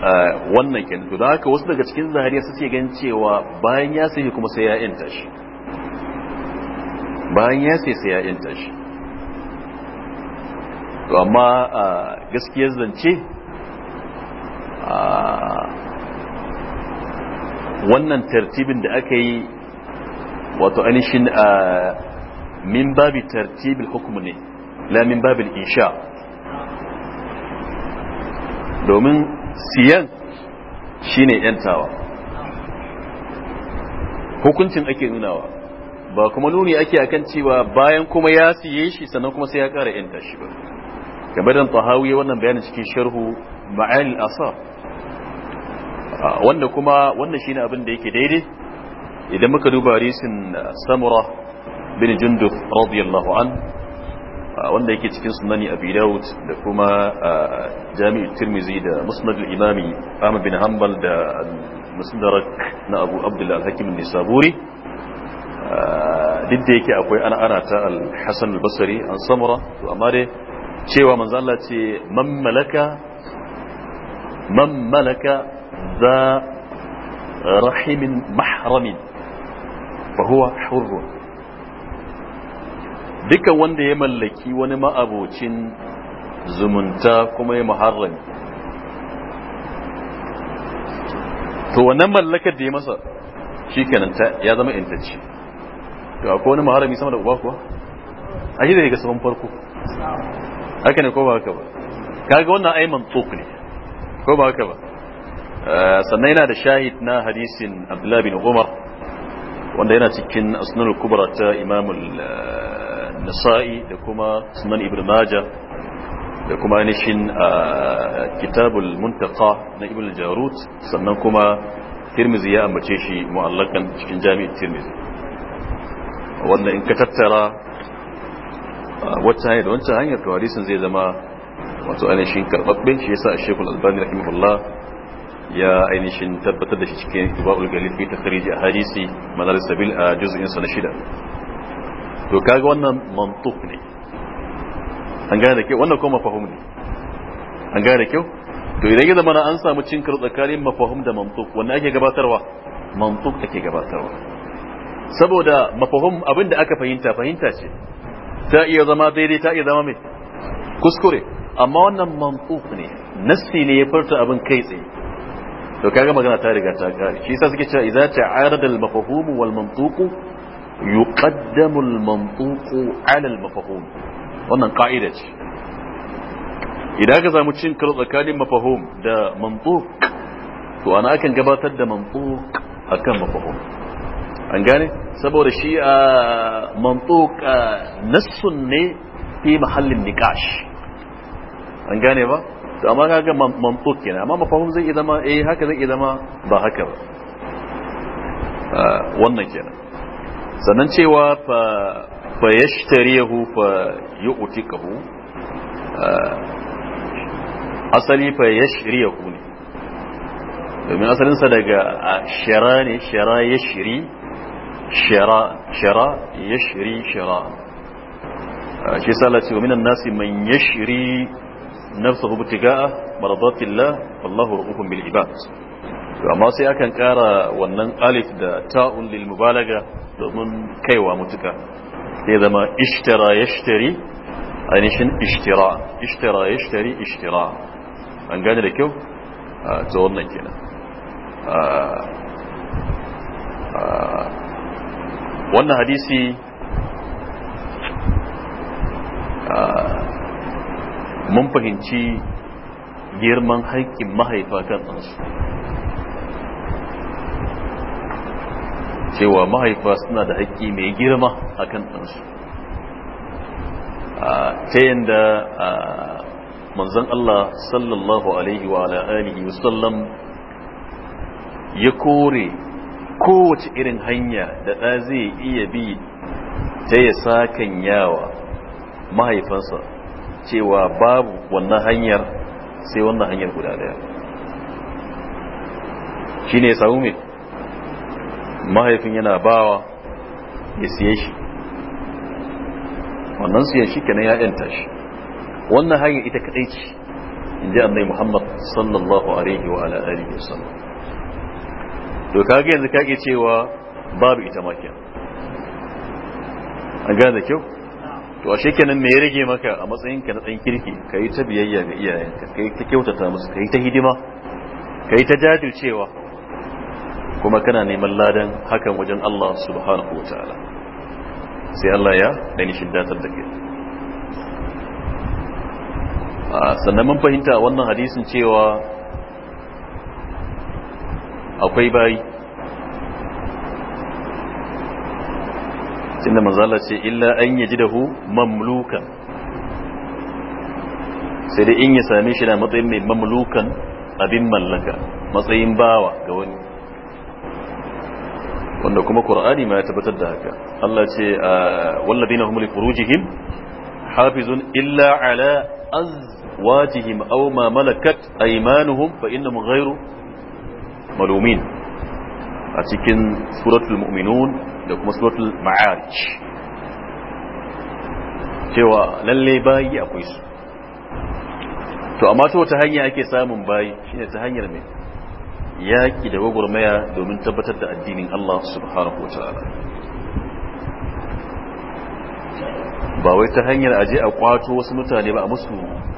wannan kenan to da haka wasu daga cikin zahariya suke gan cewa bayan ya sai kuma sai ya yanta shi bayan ya sai sai ya yanta shi to amma gaskiyar zance wannan tartibin da aka yi wato ainihin min babi tartibin hukumu ne la min babin insha domin siyan shine yantawa hukuncin ake nunawa ba kuma nuni ake akan cewa bayan kuma ya siye shi sannan kuma sai ya ƙara yanta shi ba game da tahawiyya wannan bayanin cikin sharhu ma'al asa. wanda kuma wannan shine abin da yake daidai idan muka duba risin uh, samura bin jundub radiyallahu an wanda yake cikin sunani abi daud da kuma jami'u tirmizi da musnad al-imami ahmad bin hanbal da musnadak na abu abdullah al-hakim an-nisaburi duk da yake akwai ana ana ta al-hasan al-basri an samura to amma dai cewa manzo Allah ce man malaka man malaka za rahimin mahramin fa huwa hurrun duka wanda ya mallaki wani ma'abocin zumunta kuma ya muharrami to wannan mallakar da ya masa shi kenan ya zama intacci to akwai wani muharrami sama da uba kuwa a shi da daga saman farko haka ne ko ba haka ba kaga wannan aiman tsok ne ko ba haka ba eh, sannan yana da shahid na hadisin abdullahi bin umar wanda yana cikin asnul kubra ta imamul eh, nasa'i da kuma sunan ibn maja da kuma ainihin kitabul muntaka na ibn jarut sannan kuma tirmizi ya ambace shi mu'allakan cikin jami'in tirmizi wannan in ka tattara wacce hanyar da wancan hanyar to hadisin zai zama wato ainihin karɓaɓɓe shi yasa shekul albani rahimahullah ya ainihin tabbatar da shi cikin ibabul ta fi a hadisi manar a juz'in sa na shida to kaga wannan mantuk ne an gane da kyau wannan kuma mafahum ne an gane da kyau to idan ya zama an samu cinkar tsakanin mafahum da mantuk wanda ake gabatarwa mantuk ake gabatarwa saboda mafahum abin da aka fahimta fahimta ce ta iya zama daidai ta iya zama mai kuskure amma wannan mantuk ne nassi ne ya furta abin kai tsaye to kaga magana ta riga ta kare shi yasa suke cewa idza ta'arada al-mafhum wal mantuq yuqaddamu al-mantuqu ala wannan ka'ida ce idan ka samu cin karo tsakanin mafahum da mantuq to ana akan gabatar da mantuq akan mafahum an gane saboda shi a ah, mantuq ah, nassun ne fi mahallin nikash an gane ba to amma kaga mantuq kenan amma mafahum zai zama eh haka zai zama ba haka ba ah, wannan kenan sannan cewa fa fa yashtarihu fa yu'tikahu asali fa yashrihu ne domin asalinsa daga shara ne shara yashri shara shara yashri shara shi sa wa minan nasi man yashri nafsuhu bitiga'a maradatillah wallahu ruhum bil ibad to amma sai akan kara wannan alif da ta'un lil mubalaga domin kaiwa mutuka sai zama ishtara yashtari ainihin ishtira ya yashtari ishtira an gane da kyau ta nan kenan wannan hadisi mun fahimci girman haƙƙin mahaifa kan ɗansu cewa mahaifa suna da haƙƙi mai girma a kan ɗansu ta yadda manzan Allah sallallahu alaihi wa ala'alihi musallam ya kore kowace irin hanya da ɗa zai iya bi ta ya sakan yawa mahaifansa cewa babu wannan hanyar sai wannan hanyar guda ɗaya shi ne ya samu mai mahaifin yana bawa ya siye shi wannan siyan shi kenan ya yanta shi wannan hanyar ita kadai ce in ji annai muhammad sallallahu alaihi wa ala alihi wasallam to kage yanzu kage cewa babu ita ma kenan an gane da kyau to ashe kenan me ya rage maka a matsayin ka na dan kirki kai ta biyayya ga iyayenka kai ta kyautata musu kai ta hidima kai ta jajircewa kuma kana neman ladan hakan wajen Allah subhanahu wa ta'ala sai Allah ya ainihin datar da ke sannan mun fahimta wannan hadisin cewa akwai bayi inda manzala ce illa an yaji da hu mamlukan sai dai in ya same shi na matsayin mai mamlukan abin mallaka matsayin bawa ga wani wanda kuma qur'ani ma ya tabbatar da haka Allah ce walladina hum li furujihim hafizun illa ala azwajihim aw ma malakat aymanuhum fa innahum ghayru malumin a cikin suratul mu'minun da kuma suratul ma'arij cewa lalle bayi akwai su to amma ta wata hanya ake samun bayi shine ta hanyar mai Yaki da gwagwarmaya domin tabbatar da addinin Allah subhanahu wata'ala ba wai ta hanyar aje a kwato wasu mutane ba a musu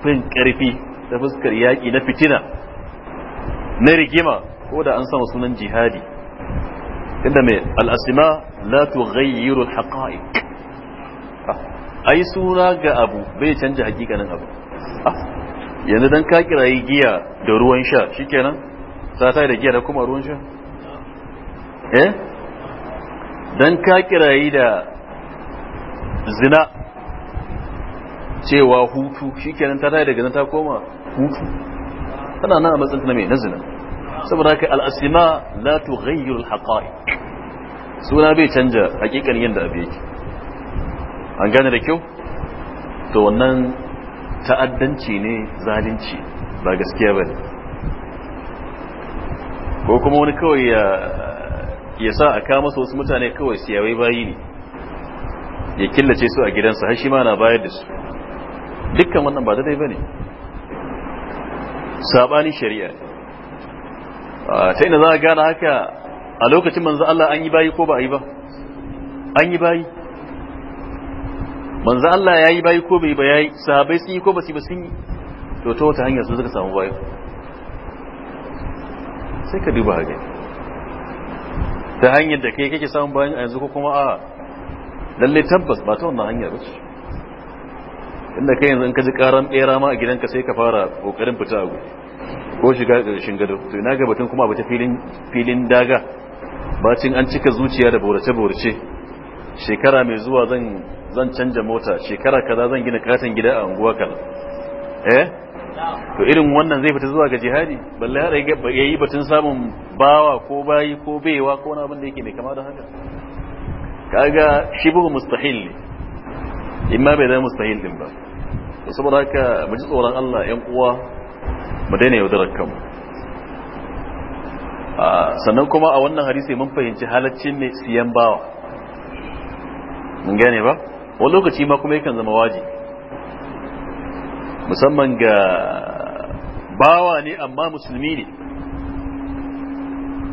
fin ƙarfi ta fuskar yaƙi na fitina na rigima ko da an sama sunan jihadi inda mai al'asima la tughayyiru haqa'iq ah, ai suna ga abu bai canja hakikanin abu ah, yanzu dan ka kirayi giya da ruwan sha shikenan za ta yi da giya da kuma ruwan sha eh dan ka kirayi da zina cewa hutu shikenan ta tayi daga nan ta koma hutu tana nan a matsayin na mai na zina saboda ka al'asima la tughayyiru al-haqa'iq suna bai canja hakikan yadda abu yake an gane da kyau to wannan ta'addanci ne zalunci ba gaskiya bane ko kuma wani kawai ya sa a kama su wasu mutane kawai siyawai bayi ne ya killace su a gidansa har shi ma na bayar da su dukkan wannan ba daidai ba ne sabani shari'a ta ina za a gane haka a lokacin manzo Allah an yi bayi ko ba a yi ba an yi bayi manzo Allah ya yi bayi ko bai ba ya yi sahabai sun yi ko ba su yi ba sun yi to ta wata hanyar sun zaka samu bayi sai ka duba haka ta hanyar da kai kake samun bayan yanzu ko kuma a lalle tabbas ba ta wannan hanyar ba inda kai yanzu in ka ji karan bera ma a gidanka sai ka fara kokarin fita a gudu ko shiga ƙarshen gado to ina ga batun kuma bata filin filin daga bacin an cika zuciya da borace-borace shekara mai zuwa zan zan canja mota shekara kaza zan gina katon gida a unguwa kaza eh to irin wannan zai fita zuwa ga jihadi balle har ya yi batun samun bawa ko bayi ko baiwa ko wani abin da yake mai kama da haka kaga bugu mustahil ne imma bai zama mustahil din ba to saboda haka mu ji tsoron Allah ƴan uwa mu daina yaudarar kanmu sannan kuma a wannan hadisi mun fahimci halaccin ne siyan bawa mun gane ba wani lokaci ma kuma yakan zama wajibi musamman ga bawa ne amma musulmi ne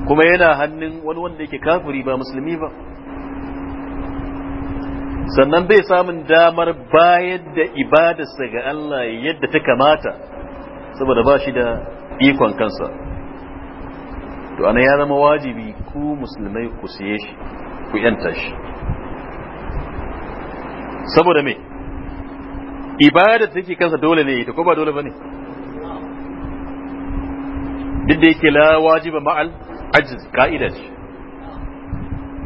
kuma yana hannun wani wanda yake kafiri ba musulmi ba sannan bai samun damar bayar da ibadarsa ga Allah yadda ta kamata saboda ba shi da ikon kansa to ana ya zama wajibi ku musulmai ku siye shi ku yanta shi saboda me ibada da take kansa dole ne ita ko ba dole bane duk da yake la wajiba ma'al ajiz ka'ida ce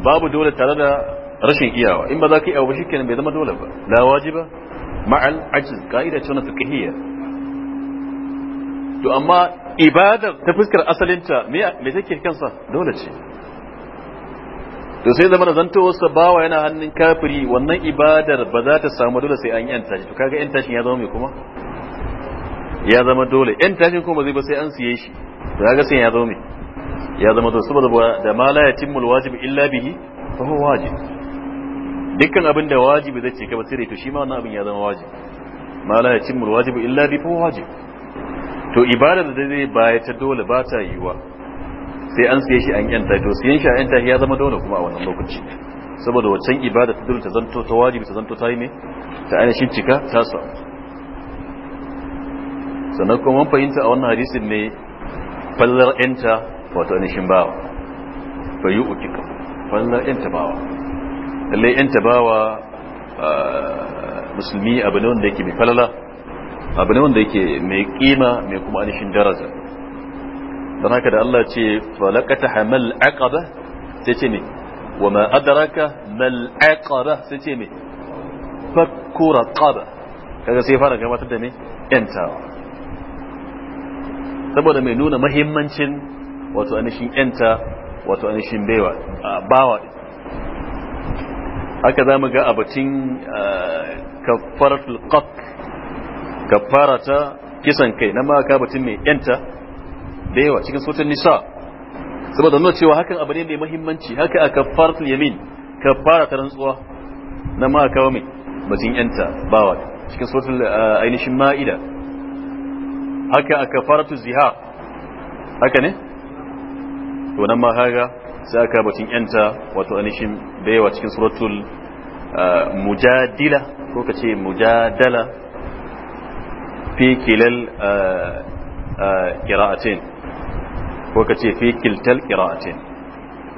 babu dole tare da rashin iyawa in ba za ka iya ba shikenan bai zama dole ba la wajiba ma'al ajiz ka'ida ce wannan fiqhiyya to amma ibada ta fuskar asalinta me me take kansa dole ce to sai zama zantowarsa bawa yana hannun kafiri wannan ibadar ba za ta samu dole sai an yanta shi to kaga yan tashin ya zama mai kuma ya zama dole yan tashin kuma zai ba sai an siye shi to kaga sai ya zama mai ya zama dole saboda da ma la yatimul wajib illa bihi fa huwa wajib dukkan abin da wajibi zai ce ka ba sai to shi ma wannan abin ya zama wajibi ma la yatimul wajib illa bihi fa huwa wajib to ibadar da zai ba ta dole ba ta yiwa sai an siye shi an yanta to siyan shi a yanta ya zama dole kuma a wannan lokaci saboda waccan ibada ta dole ta zanto ta wajibi ta zanto ta yi ne ta ainihin cika ta samu sannan kuma mun fahimta a wannan hadisin ne fallar yanta wato ainihin bawa bayu uki ukika fallar yanta bawa lallai yanta bawa musulmi abu ne wanda yake mai falala abu ne wanda yake mai kima mai kuma ainihin daraja don haka da Allah ce falakata hamal aqaba sai ce ne wa ma adraka mal aqaba sai ce ne fakku raqaba kaga sai fara gabatar da ne yantawa saboda mai nuna muhimmancin wato anishin yanta wato anishin baiwa bawa haka za mu ga abatin kafaratul qat kafarata kisan kai na ma ka batun mai yanta da yawa cikin sautin nisa saboda nuna cewa hakan abu ne mai mahimmanci haka a kafaratul yamin kafara ta rantsuwa na ma kawo mai batun yanta bawa cikin sautin ainihin ma'ida haka a kafaratul Ziha. haka ne to nan ma haka sai aka batun yanta wato ainihin da yawa cikin suratul mujadila ko ka ce mujadala fi kilal kira'atin ko ka ce fi kiltal qira'atin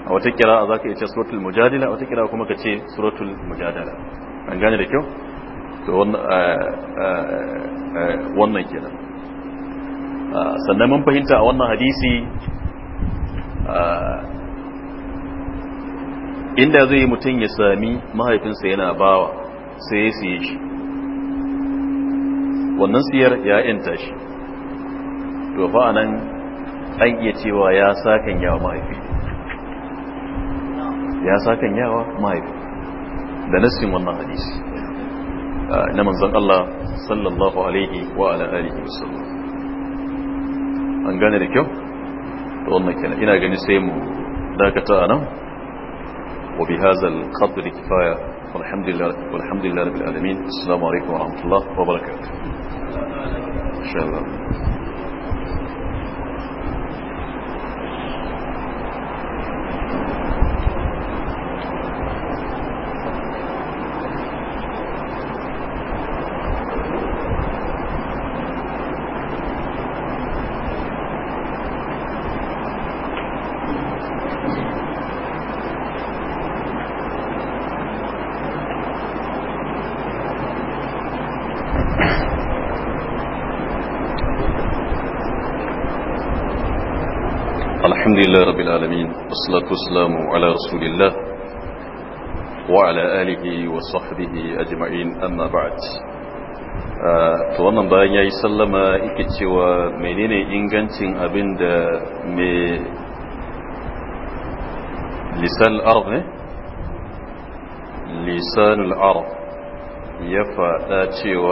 a wata qira'a zaka iya ce suratul mujadila wata qira'a kuma ka ce suratul mujadala an gane da kyau to wannan eh, eh, eh, kenan ah, sannan mun fahimta a wannan hadisi ah, inda zai yi mutum ya sami mahaifinsa yana bawa sai ya siye shi wannan siyar ya yanta shi to fa anan an cewa ya sakan yawa mahaifi ya sakan yawa mahaifi da nassin wannan hadisi na manzon Allah sallallahu alaihi wa ala alihi wasallam an gane da kyau to wannan kenan ina gani sai mu dakata anan wa bi hadzal qadr kifaya walhamdulillah walhamdulillah rabbil alamin assalamu alaikum wa rahmatullah wa barakatuh inshallah الحمد لله رب العالمين والصلاة والسلام على رسول الله وعلى آله وصحبه أجمعين أما بعد آه، توانا باين يأي سلم آه، إكتش ومنين إنغان تين أبين لسان الأرض إيه؟ لسان الأرض يفا آتش و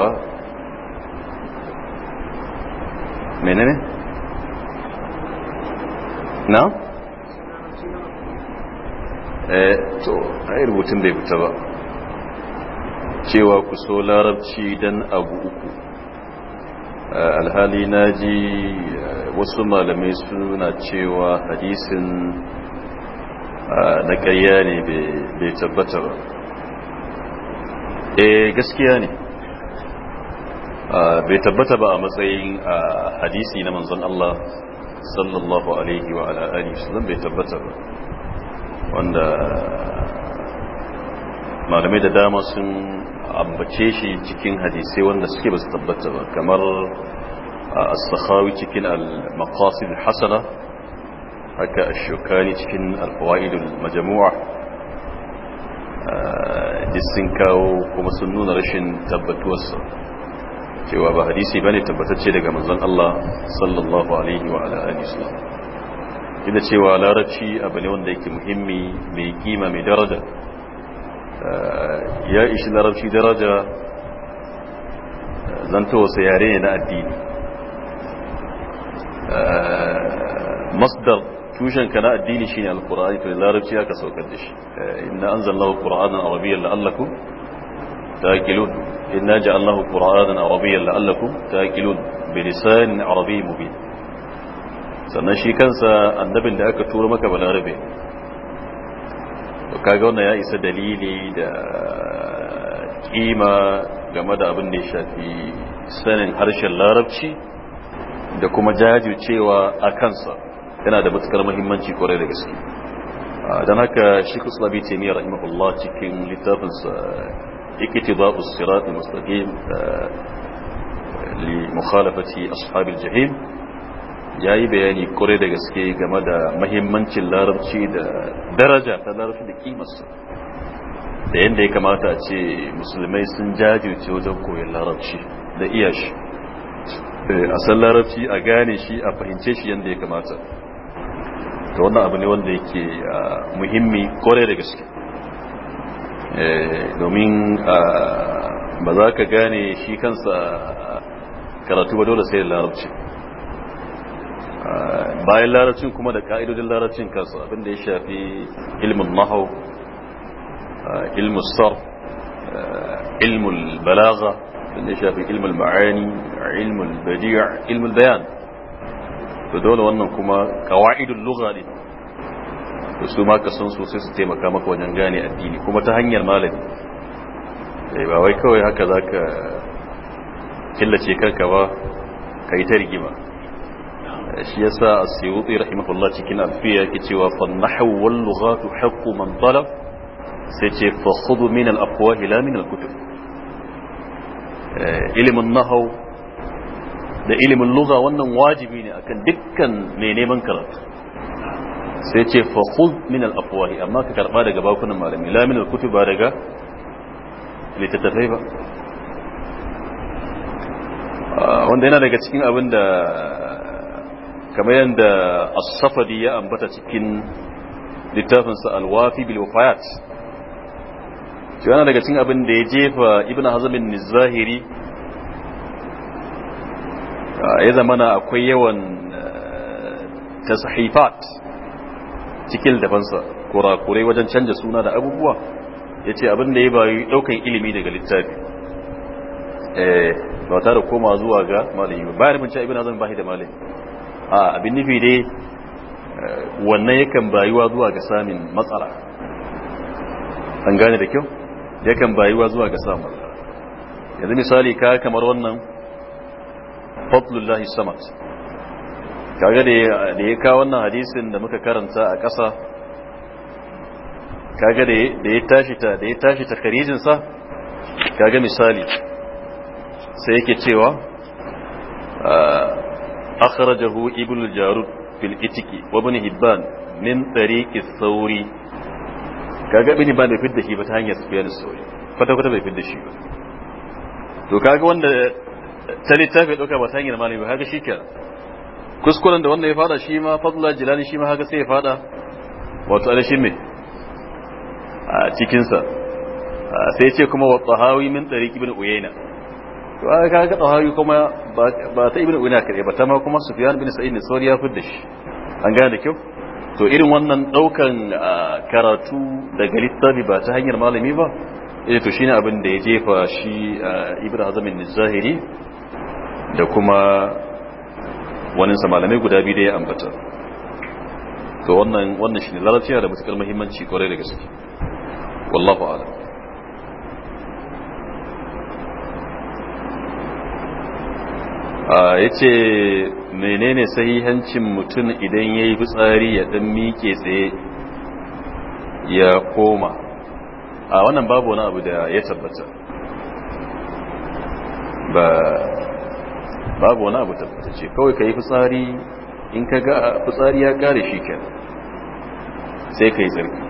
منين na? Eh, to ai rubutun bai fita ba cewa ku so larabci don abu uku eh, alhali na ji eh, wasu malamai suna cewa hadisin na ƙarya ne bai tabbata ba eh gaskiya ne bai tabbata ba a matsayin hadisi na manzon Allah sallallahu alaihi wa ala alihi sallam bai tabbata ba wanda malamai da dama sun ambace shi cikin hadisi wanda suke ba su tabbata ba kamar as-sakhawi cikin al-maqasid al hasana haka ash-shukani cikin al-fawaid al-majmu'a sun kawo kuma sun nuna rashin tabbatuwarsa cewa ba hadisi bane tabbatacce daga manzon Allah sallallahu alaihi wa ala alihi wasallam cewa larabci abu ne wanda yake muhimmi mai kima mai daraja eh, ya ishi larabci daraja eh, zanto wasu yare ne na addini eh, masdar tushen ka na addini shi shine alqur'ani to larabci aka saukar da shi an inna anzalnahu qur'anan arabiyyan la'allakum تاكلون إنا جعلناه قرآنا عربيا لعلكم تاكلون بلسان عربي مبين sannan shi kansa annabin da aka tura maka balarabe kaga wannan ya isa dalili da kima game da abin da ya shafi sanin harshen larabci da kuma jajircewa a kansa yana da matukar muhimmanci kwarai da gaske don haka shi kusurami ce ne rahimahullah cikin littafinsa اكتباء الصراط المستقيم لمخالفة أصحاب الجحيم ya yi bayani kore da gaske game da mahimmancin larabci da daraja ta larabci da kimarsa da yadda ya kamata a ce musulmai sun jajirce wajen koyon larabci da iya shi a san larabci a gane shi a fahimce shi yadda ya kamata ta wannan abu ne wanda yake muhimmi kore da gaske domin ba za ka gane shi kansa karatu ba dole sai da larabci bayan larabcin kuma da ka'idodin larabcin kansa abinda ya shafi ilmin nahau ilmin sar ilmin balaga abinda ya shafi ilmin ma'ani ilmin badiya ilmin bayan ba dole wannan kuma kawa'idun lura ne to su ma ka san sosai su taimaka maka wajen gane addini kuma ta hanyar malami eh, ba wai kawai haka za ka killace kanka ba ka yi ta rigima eh, shi ya sa a siyutsi rahimahullah cikin alfiya yake cewa fannahu wal lughatu haqqu man talab sai ce fa khudhu min al aqwahi min al kutub eh, ilimin nahau da ilimin lugha wannan wajibi ne akan dukkan mai neman karatu sai ce fa khudh min amma ka karba daga bakunan malami la min al daga littattafai ba ah, wanda yana daga cikin abin da kamar yadda as ya ambata cikin littafinsa alwafi wafi bil yana daga cikin abin da ya jefa ibn hazamin nizahiri ah, ya zamana akwai yawan eh, sahifat cikin dabansa kurakurai wajen canja suna da abubuwa ya ce abin da ya bayu daukan ilimi daga littafi eh, ba da koma zuwa ga malami bayan mun ci ibn azam bahi da malami a abin nufi dai eh, wannan yakan bayuwa zuwa ga samin matsala an gane da kyau yakan bayuwa zuwa ga samun matsala yanzu misali ka kamar wannan fadlullahi samat kaga da ya kawo wannan hadisin da muka karanta a ƙasa kaga da ya tashi ta da ya tashi ta karijinsa kaga misali sai yake cewa ah, akhrajahu ibn jarud fil itiki wa ibn hibban min tariqi sauri kaga ibn hibban bai fidda shi ba ta hanyar sufyan sauri kwata kwata bai fidda shi ba to kaga wanda ta littafi dauka ba ta hanyar malami ba kaga shikenan kuskuren da wanda ya fada shi ma fadla jilani shi ma haka sai ya fada wato alashin ne. a cikinsa sai ce kuma wa tsahawi min tsari ibn uyayna to a ka ga tsahawi kuma ba ta ibn uyayna kare ba ta ma kuma sufyan bin sa'id ne sauri ya fudda shi an gane da kyau to irin wannan daukan karatu daga littafi ba ta hanyar malami ba eh to shine abin da ya jefa shi ibn bin zahiri da kuma wani samalamai malamai guda biyu da ya ambata to wannan wannan shine ne yana da matukar muhimmanci kwarai da gaske wallahu a'lam ya ce menene sahihancin mutum idan yayi fitsari ya dan miƙe tsaye ya koma a wannan babu wani abu da ya tabbata ba babu wani abu tabbatace kawai ka yi fitsari in ka ga fitsari ya kare shi ke sai ka yi tsarki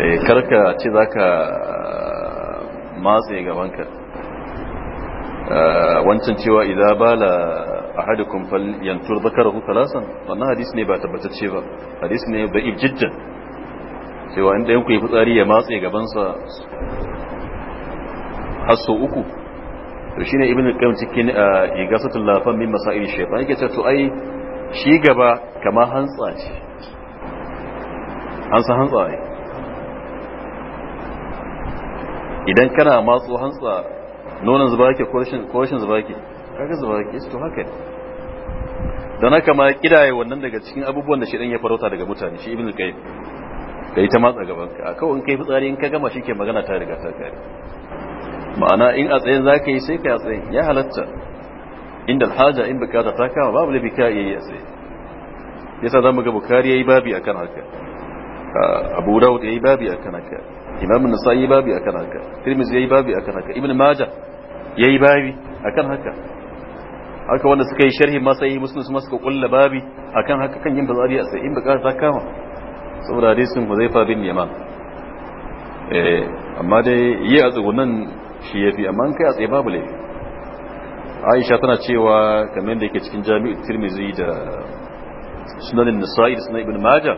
eh, karka ce za ka eh, matse gabanka eh, wancan cewa idan ba la a hadukun yantur zakarar hukalasan wannan hadis ne ba tabbatace ba hadis ne ba ibjijjan cewa inda yanku yi fitsari ya matse gabansa har uku to shine ibn qayyim cikin uh, igasatul lafan min masail shaytan yake cewa to ai shi gaba kama hantsa ce an san hantsa ai idan kana matso hantsa nonon zuba yake ko rashin zuba yake kaga zuba yake to haka ne dan haka ma kidaye wannan daga cikin abubuwan da shi dan ya farauta daga mutane shi ibn qayyim da ita matsa gaban ka kawai in kai fitsari in ka gama shi ke magana ta riga ta kare ma'ana in a tsaye za ka yi sai ka yi a tsaye ya halatta inda alhaja in bukata ta kama babu da bika iya yi a tsaye sa za mu ga bukari ya yi babi akan haka ah, abu dawud ya yi babi akan haka imam nasa ya yi babi akan haka tirmizi ya yi babi akan haka ibn maja ya yi babi akan haka haka wanda suka yi sharhi masa yi musulun su masu kulla babi akan haka kan yin bazari a tsaye in bukata ta kama saboda hadisin huzaifa bin yaman eh, amma dai yi a tsugunan shi ya fi amma kai a tsaye babu aisha tana cewa kamar da yake cikin jami'ar tirmizi da sunanin nisa'i da sunan ibn majah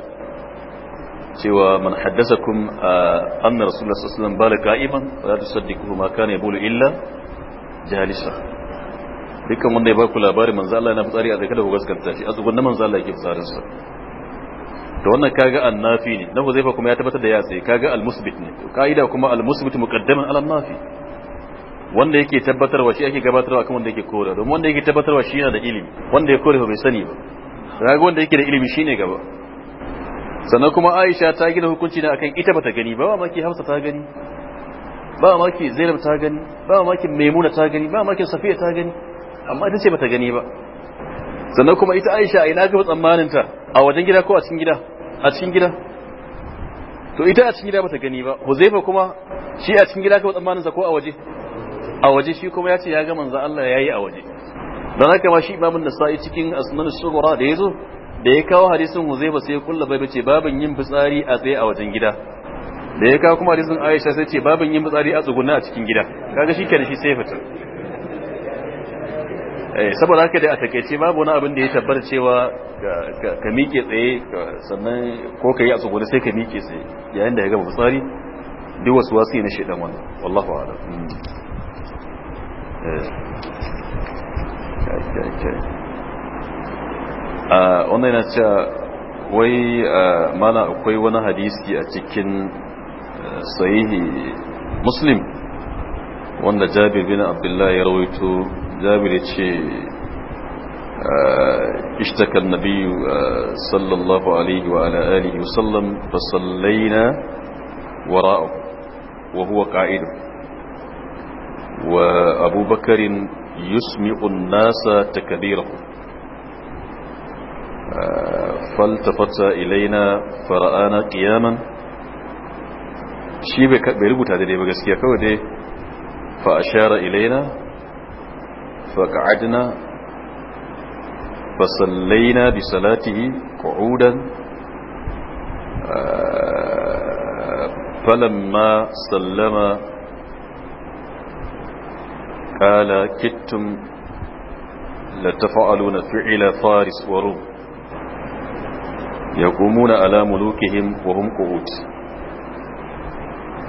cewa man haddasakum ah, anna bala illa jalisa dukkan wanda ya baku labarin manzo Allah yana fitsari a ku gaskanta shi azugun na manzo Allah yake fitsarin sa to wannan kaga annafi ne na huzaifa kuma ya tabbatar da ya kaga ne ka'ida kuma almusbit muqaddaman ala nafi wanda yake tabbatarwa shi ake gabatarwa akan wanda yake kore domin wanda yake tabbatarwa shi yana da ilimi wanda ya ba bai sani ba raga wanda yake da ilimi shine gaba sannan kuma aisha ta gina hukunci na akan ita bata gani ba maki hafsa ta gani ba maki zainab ta gani ba maki maimuna ta gani ba maki safiya ta gani amma ita ce bata gani ba sannan kuma ita aisha a ina gaba tsammanin ta a wajen gida ko a cikin gida a cikin gida to ita a cikin gida bata gani ba huzaifa kuma shi a cikin gida ka tsammanin sa ko a waje a waje shi kuma ya ce ya ga manzo Allah yayi a waje dan haka ma shi imamun nasa'i cikin asnan sugura da yazo da ya kawo hadisin ba sai ya kulla bai ce babin yin fitsari a tsaye a wajen gida da ya kawo kuma hadisin aisha sai ce babin yin fitsari a tsuguna a cikin gida kaga shi kenan shi sai fita eh saboda haka dai a takeice babu wani abin da ya tabbata cewa ka miƙe tsaye sannan ko ka yi a tsuguna sai ka miƙe tsaye yayin da ya gaba fitsari duk wasu wasu ne shedan wannan wallahi a'lam Uh, wannan yana cewa wai uh, mana akwai wani hadisi a cikin uh, sahihi muslim wanda jabir bin abdullahi ya rawaito jabir ce اشتكى النبي صلى الله عليه وعلى آله وسلم wara'u وراءه وهو قائد وأبو بكر يسمع الناس تكبيرهم فالتفت إلينا فرآنا قياما shi bai rubuta da dai ba gaskiya kawai dai fa ashara ilaina fa qa'adna fa sallaina bi salatihi qu'udan falamma sallama قال كتم لتفعلون فعل فارس وروم يقومون على ملوكهم وهم قعود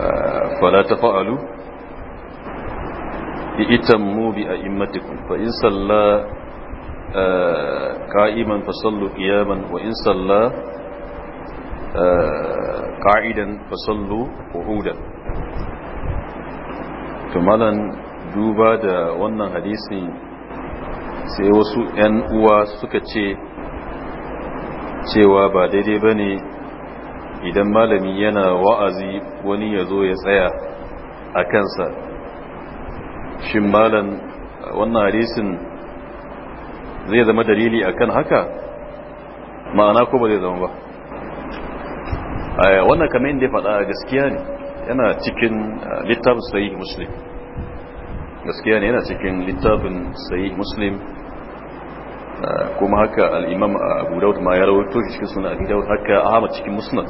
آه، فلا تفعلوا ائتموا بأئمتكم فإن صلى آه، قائما فصلوا قياما وإن صلى آه، قاعدا فصلوا قعودا فمالا duba da wannan hadisi sai wasu 'yan uwa suka ce cewa ba daidai ba ne idan malami yana wa'azi wani ya zo ya tsaya a kansa shin malam wannan hadisin zai zama dalili akan haka ma'ana ko ba zai zama ba wannan kamar inda ya faɗa gaskiya ne yana cikin ah, littafin sayi muslim gaskiya ne yana cikin littafin sayi muslim ah, kuma haka al'imam abu daud ma ya rawar toshe cikin suna abu daud haka ahmad cikin musnad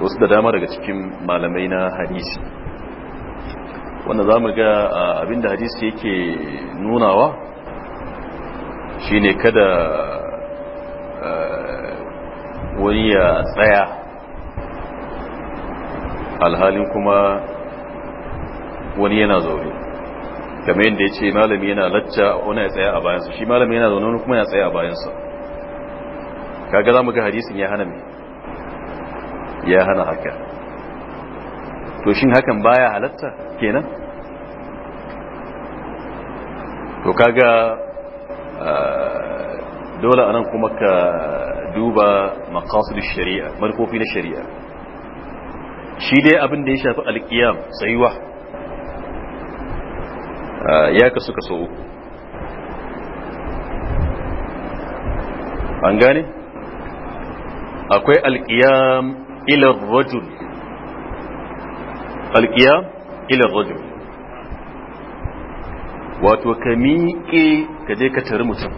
wasu da dama daga cikin malamai na hadisi wanda za mu ga ah, abin da hadisi yake nunawa shine kada ah, wani ya tsaya alhalin kuma wani yana zaune kamar yadda ya ce malami yana lacca wani ya tsaya a bayansa shi malami yana zaune wani kuma ya tsaya a bayansa kaga za mu ga hadisin ya hana ya hana haka to shin hakan baya halatta kenan to kaga dole anan kuma ka duba makasar shari'a manufofi na shari'a shi dai abin da ya shafi alƙiyam tsayuwa Eh, ya kasu kaso uku an gane akwai alkiyam ilar rajul Alkiyam ilar rajul wato ka miƙe ka je ka tari mutum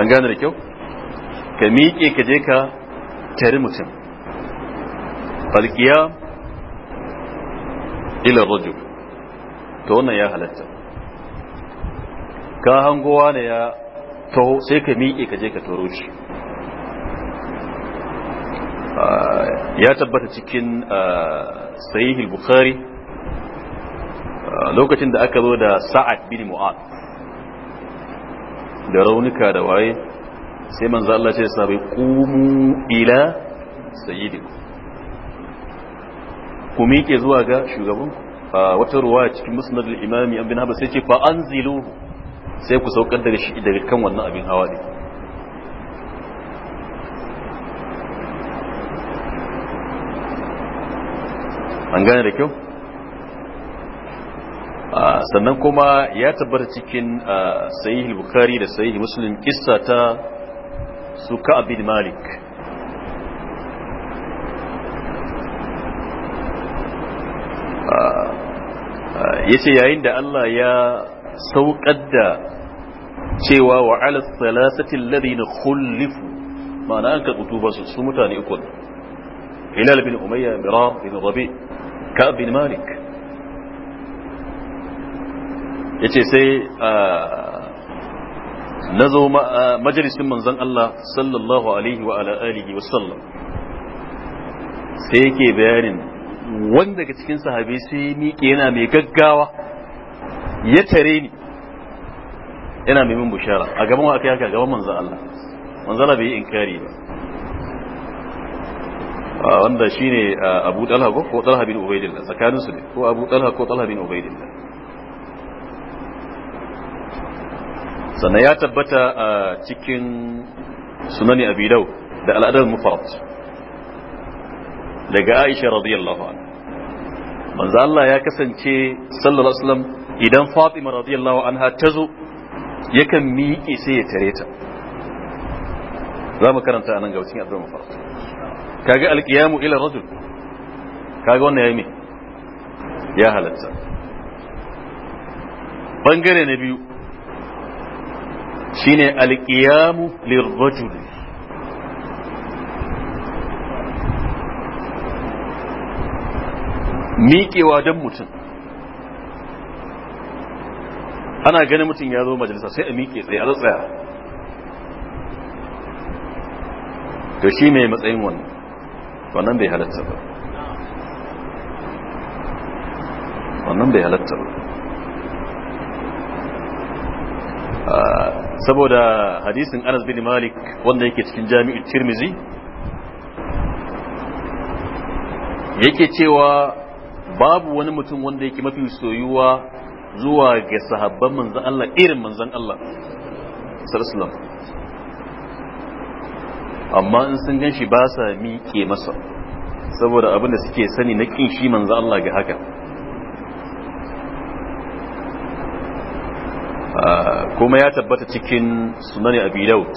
an gane da kyau ka miƙe ka je ka tari mutum alkiyam. ila rajul to wannan ya halatta ka hangowa ne ya taho sai ka miƙe ka je ka toro shi ah, ya tabbata cikin ah, sahihul bukhari ah, lokacin da aka zo da sa'ad bin mu'ad da raunuka da waye sai manzo Allah ce sabai qumu ila sayyidikum ku miƙe zuwa ga shugaban wata ruwa cikin musnad al-imami an bin sai ce fa anziluhu sai ku saukar da shi daga kan wannan abin hawa din an gane da kyau sannan kuma ya tabbata cikin sahih bukhari da sahih muslim kissa ta su ka'ab malik yace yayin da Allah ya saukar da cewa wa ala salasati alladhina khulifu ma'ana an ka kutuba su su mutane uku Hilal bin Umayya Mirar bin Rabi Ka'ab bin Malik yace sai na zo majalisin manzan Allah sallallahu alaihi wa ala alihi wa sallam sai yake bayanin wanda daga cikin sahabi sai miƙe yana mai gaggawa ya tare ni yana mai min bushara a gaban wa aka yi haka gaban manzan Allah manzan Allah bai yi inkari ba ah, wanda shi ne ah, abu ɗalha ko ɗalha bin ubaidillah tsakanin su ne ko abu ɗalha ko ɗalha bin ubaidillah sannan ya tabbata a ah, cikin sunani abidau da al'adar mufarat daga Aisha radiyallahu anha manzo Allah ya kasance sallallahu alaihi wasallam idan Fatima radiyallahu anha ta zo yakan miƙe sai ya tare ta za mu karanta anan ga cikin addu'a mafarka kaga alqiyamu ila rajul kaga wannan yayi me ya halatta bangare na biyu shine alqiyamu lirrajul miƙewa don mutum ana ganin mutum ya zo majalisa sai a miƙe tsaye a tsaya to shi mai matsayin wani wannan bai halatta ba wannan bai halatta ba ah, saboda hadisin anas bin malik wanda yake cikin jami'in tirmizi yake cewa babu wani mutum wanda yake mafi soyuwa zuwa ga sahabban manzan Allah irin manzan Allah sallallahu amma in sun gan shi ba sa miƙe masa saboda abin da suke sani na kin shi manzan Allah ga haka ah, kuma ya tabbata cikin sunan abi daud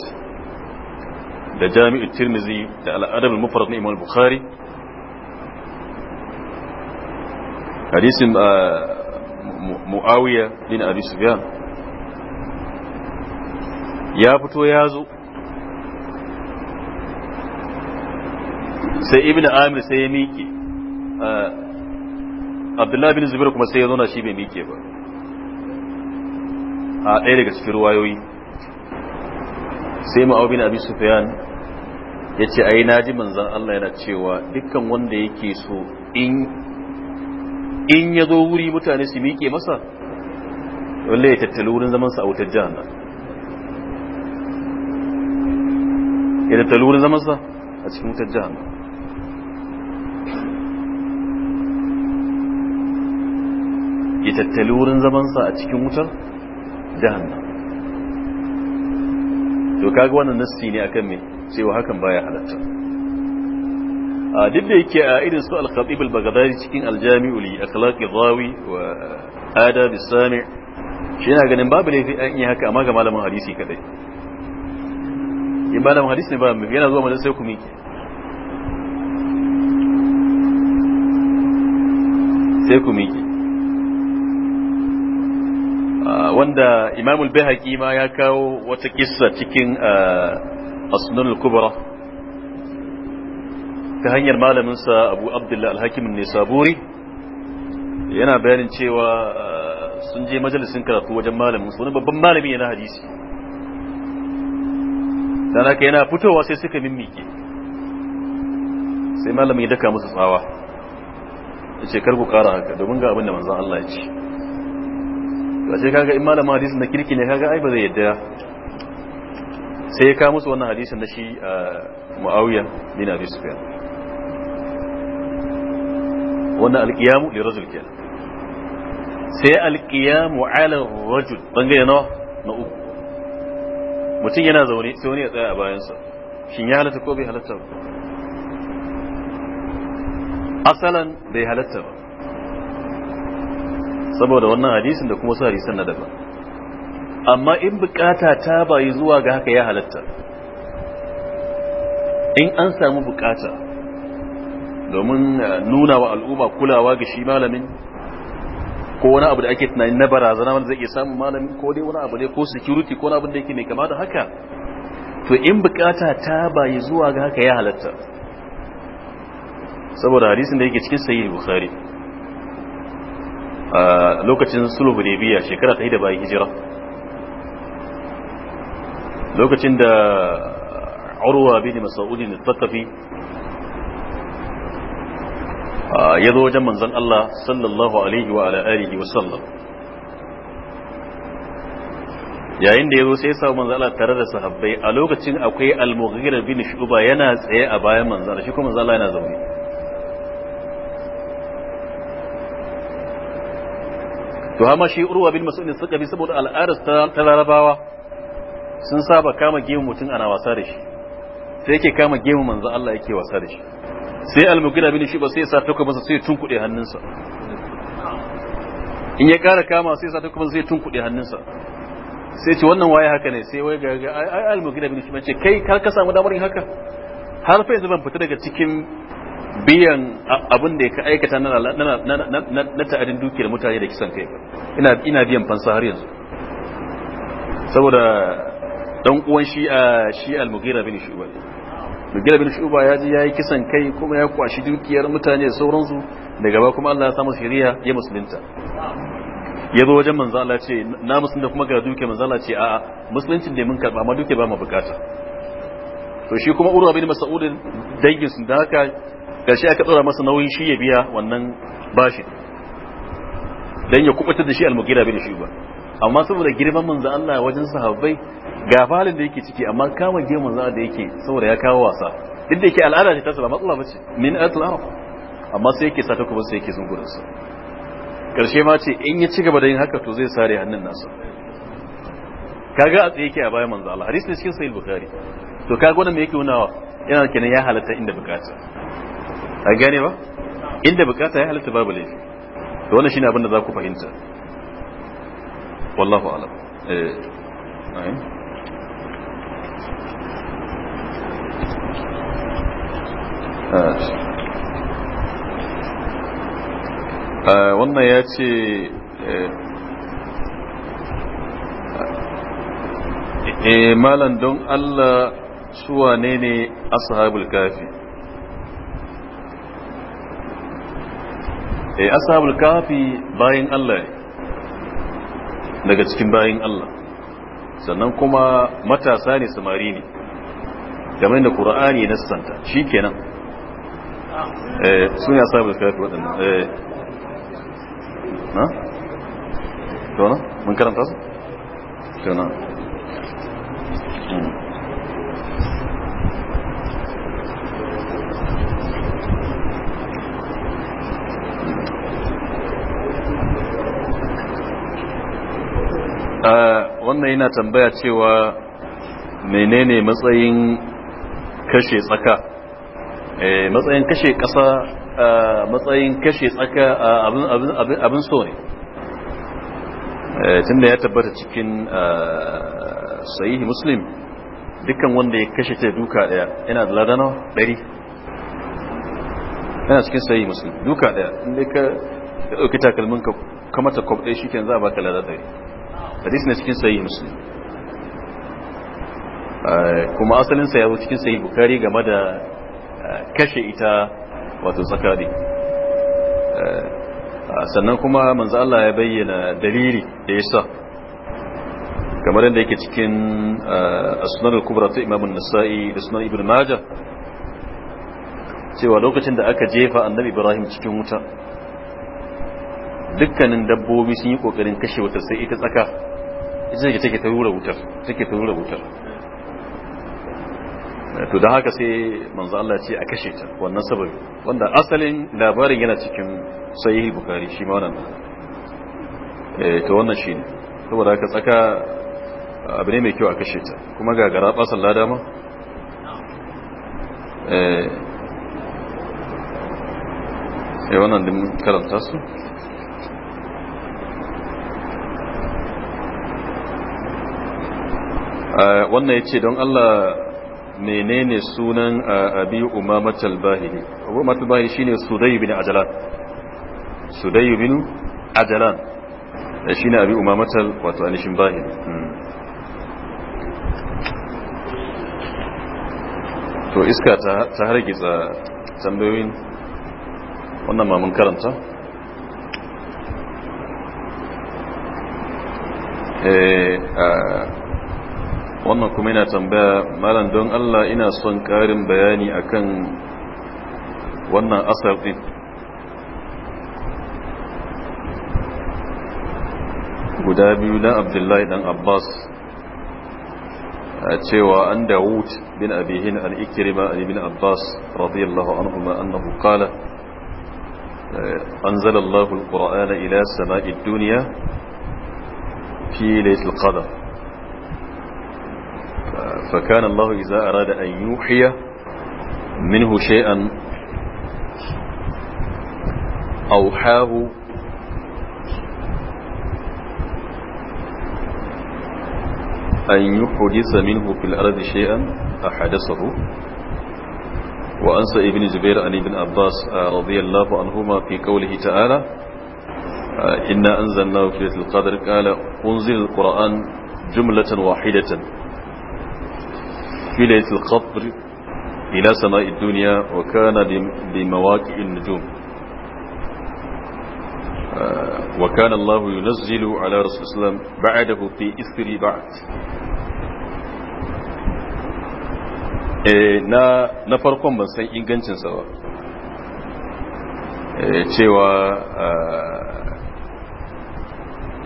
da jami'ul tirmizi da al'adab al-mufrad na imam bukhari hadisin uh, mu'awiya din abi sufyan ya fito ya zo sai ibn amir sai ya miƙe uh, abdullahi bin zubair kuma sai ya na shi bai miƙe ba a ɗaya daga cikin ruwayoyi sai bin abi sufyan ya ce ai na ji manzan Allah yana cewa dukkan wanda yake so in in ya zo wuri mutane su miƙe masa wanda ya tattali wurin zamansa a wutar nan, ya tattali wurin zamansa a cikin wutar nan, ya tattali wurin zamansa a cikin wutar nan. to kaga wannan nassi ne akan me cewa hakan baya halatta duk da yake a irin su al-khatib al-baghdadi cikin al-jami'u li al rawi wa adab al sami shi yana ganin babu laifi an yi haka amma ga malamin hadisi kadai in malamin hadisi ne ba mu yana zuwa mu sai ku miƙe sai ku miƙe wanda Imam al bihaqi ma ya kawo wata kissa cikin asnun al kubra ta hanyar malaminsa abu abdullahi alhakimin ne saburi yana bayanin cewa uh, sun je majalisun karatu wajen malamin su wani babban malami yana hadisi dan haka yana fitowa sai suka mimmike sai malamin ya daka musu tsawa ya ce kar ku kara haka domin ga abin da manzon Allah ya ce ga sai kaga in malamin hadisin na kirki ne kaga ai ba zai yadda sai ya kawo musu wannan hadisin na shi uh, Muawiya bin Abi Sufyan wannan alkiyamu li rajul kenan sai alkiyamu ala rajul bangare nawa na uku mutum yana zaune sai wani ya tsaya a bayansa shin ya halatta ko bai halatta ba asalan bai halatta ba saboda wannan hadisin da kuma su hadisan na daban amma in bukata ta bayi zuwa ga haka ya halatta in an samu bukata domin eh, nuna wa al'umma kulawa ga shi malamin ko wani abu da ake tunanin na barazana wanda zai iya samun malamin ko dai wani abu ne ko security ko wani abu da yake mai kama da haka to in bukata ta bayi zuwa ga haka ya halatta saboda hadisin da yake cikin sayi bukhari a lokacin sulhu hudaybiya shekara ta da bayan hijira lokacin da urwa bin masaudi ne tattafi. ya zo wajen manzan Allah sallallahu alaihi wa ala alihi wa sallam yayin da ya zo sai ya samu manzon Allah tare da sahabbai a lokacin akwai al-mughira bin shuba yana tsaye a bayan manzon shi kuma manzon Allah yana zaune to amma shi urwa bin mas'ud ne suka bi saboda al'adar ta larabawa sun saba kama gemu mutum ana wasa da shi sai yake kama gemu manzan Allah yake wasa da shi sai almugira bin shi ba sai ya sa tuka masa sai tunkuɗe hannunsa in ya ƙara kama sai sa tuka masa sai tunkuɗe hannunsa sai ce wannan waye haka ne sai wai ga ai almugira bin shi ba ce kai kar ka samu damar haka har fa yanzu ban fita daga cikin biyan abin da ya aikata na ta'adin dukiyar mutane da kisan kai ina biyan fansa har yanzu saboda dan uwan shi a shi almugira bin shi shu'ba mugira bin shuba ya ji yi kisan kai kuma ya kwashi dukiyar mutane da sauransu daga ba kuma Allah ya samu shiriya ya musulunta ya zo wajen manzala ce na musulunta kuma ga duke manzala ce a'a musuluncin da mun karba amma duke ba mu bukata to shi kuma urwa bin mas'ud dangin sun da haka gashi aka tsora masa nauyin shi ya biya wannan bashin dan ya kubutar da shi al-mugira bin shuba amma saboda girman manzo Allah wajen sahabbai ga falin da yake ciki amma kama gemun za da yake saboda ya kawo wasa duk da yake al'ada ce ta ba matsala ba ce min atul arab amma sai yake sata kuma sai yake zungurin sa karshe ma ce in ya ci gaba da yin haka to zai sare hannun nasa kaga a tsaye yake a bayan manzo Allah hadisi ne cikin sahih bukhari to kaga wannan me yake nunawa yana kenan ya halatta inda bukata a gane ba inda bukata ya halatta babu laifi to wannan shine abin da za ku fahimta wallahu a'lam eh wannan ya ce e malan don Allah suwa ne ne ashabul kafi e ashabul kafi bayan Allah daga cikin bayan Allah sannan kuma matasa ne samari ne game da ƙura'ani na santa shi kenan Eh, su ne da kafi waɗannan eh. na? tona? mun karanta su? tona eh, wannan yana tambaya cewa menene matsayin kashe tsaka Eh, matsayin kashe ƙasa matsayin kashe tsaka abin so ne eh, tun da ya tabbata cikin sahihi muslim dukkan wanda ya kashe ta duka daya yana da ladana ɗari yana cikin sahihi muslim duka daya inda ka ɗauki takalmin ka kamata ta ɗaya shi ken za a baka ladana ɗari hadis na cikin sahihi muslim eh, kuma asalinsa ya zo cikin sahihi bukari game da kashe ita wato zakari eh, sannan kuma manzo Allah ya bayyana dalili da yasa kamar yadda yake cikin eh, as-sunan al-kubra ta Imam nasai da sunan Ibn Majah cewa lokacin da aka jefa Annabi Ibrahim cikin wuta dukkanin dabbobi sun yi kokarin kashe wata sai ita tsaka ita take ta rura wutar take ta rura wutar to da haka sai manzo Allah ce a kashe ta wannan sababi wanda asalin labarin yana cikin sahihi bukari shi ma wannan eh to wannan shine saboda haka tsaka abu ne mai kyau a kashe ta kuma ga gara basan lada ma eh eh wannan din karanta su eh, wannan ya ce don Allah menene sunan abi umama talbahiri abu umama talbahiri shine sudai bin ajalan sudai bin ajalan eh, shine abi umama tal wato anishin bahiri hmm. to iska ta hargitsa tambayoyin wannan ma mun karanta eh wannan kuma yana tambaya malam don Allah ina son karin bayani akan wannan asar din guda biyu na abdullahi dan abbas a cewa an dawud bin abihin al'ikirima an ibn abbas radiyallahu anhu ma annahu qala anzala Allahu al-Qur'ana ila sama'i Duniya, dunya fi laylatil فكان الله إذا أراد أن يوحي منه شيئا أوحاه أن يحدث منه في الأرض شيئا أحدثه وأنسى ابن زبير عن ابن عباس رضي الله عنهما في قوله تعالى إنا أنزلناه في القدر قال أنزل القرآن جملة واحدة في ليلة القبر إلى سماء الدنيا وكان بمواقع النجوم آه، وكان الله ينزل على رسول الله بعده في إثر بعد إيه، نا نفرقون من سيء إنجنش سوا cewa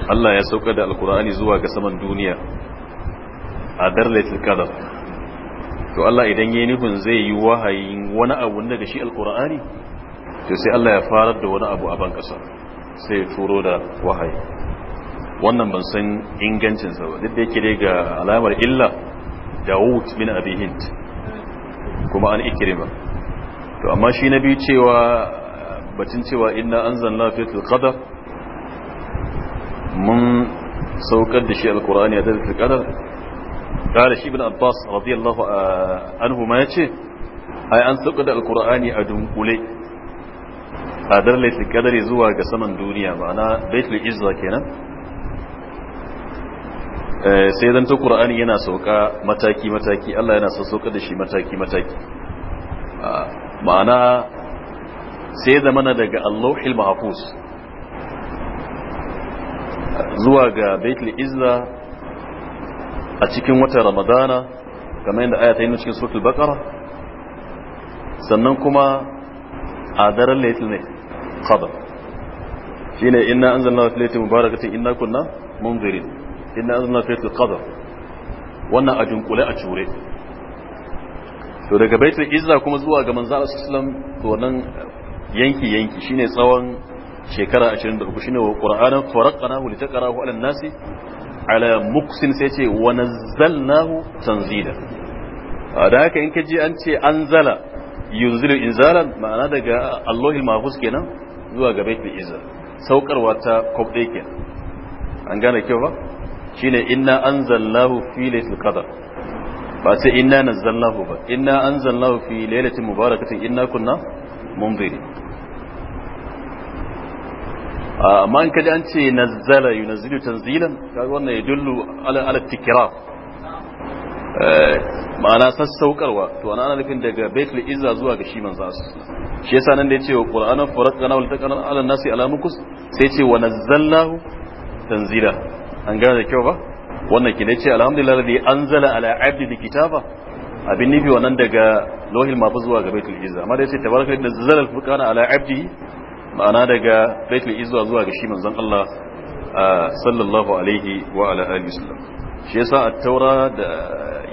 Allah ya saukar القرآن Alkur'ani zuwa ga أدر ليت a to Allah idan yayi nufin zai yi wahayin wani abu daga shi alqur'ani to sai Allah ya farar da wani abu a ban kasa sai ya turo da wahayi wannan ban san ingancin sa duk da yake ga alamar illa Dawud bin Abi Hind kuma an ikrima to amma shi nabi cewa batun cewa inna anzalna fitul qadar mun saukar da shi alqur'ani a dalilin qadar قال شي ابن عباس رضي الله عنهما يتي ai an sauka da alkur'ani a dunkule a dar laitul kadari zuwa ga saman duniya ma'ana baitul izza kenan sai ta qur'ani yana sauka mataki mataki Allah yana so sauka da shi mataki mataki ma'ana sai zamana daga allahul mahfuz zuwa ga baitul izza a cikin watan ramadana kamar yadda aya ta yi cikin suratul Bakara sannan kuma a daren laifin ne qadar shine inna anzalna fi lailatin mubarakatin inna kunna munzirin inna anzalna fi laifin qadar wannan a dunkule a cure to daga baitul izza kuma zuwa ga manzo Allah to wannan yanki yanki shine tsawon shekara 23 shine wa qur'anan faraqnahu litaqrahu ala nasi ala muksin sai ce wa nazzalnahu tanzila da haka in kaji an ce anzala yunzilu inzalan ma'ana daga Allahil mahfuz kenan zuwa ga baitul izza saukarwa ta kwab ɗaya kenan an gane kyau ba shine inna anzalnahu fi lailatul qadr ba sai inna nazzalnahu ba inna anzalnahu fi lailatin mubarakatin inna kunna munziri amma in kaji an ce nazzala yunazzilu tanzilan kaga wannan ya dullu ala ala tikrar eh, ma'ana sassaukarwa to ana nufin daga baitul izza zuwa ga shi manzo shi yasa nan da yace wa qur'ana farqana wal taqana ala nasi ala mukus sai yace wa nazzalahu tanzila an gane da kyau ba wannan ki ce alhamdulillah alladhi anzala ala abdi kitaba abin nufi wannan daga lohil mafi zuwa ga baitul izza amma da yace tabaraka da zalal furqana ala abdi ma'ana daga baitul izwa zuwa ga shi manzon Allah sallallahu alaihi wa ala alihi wasallam shi yasa at-taura da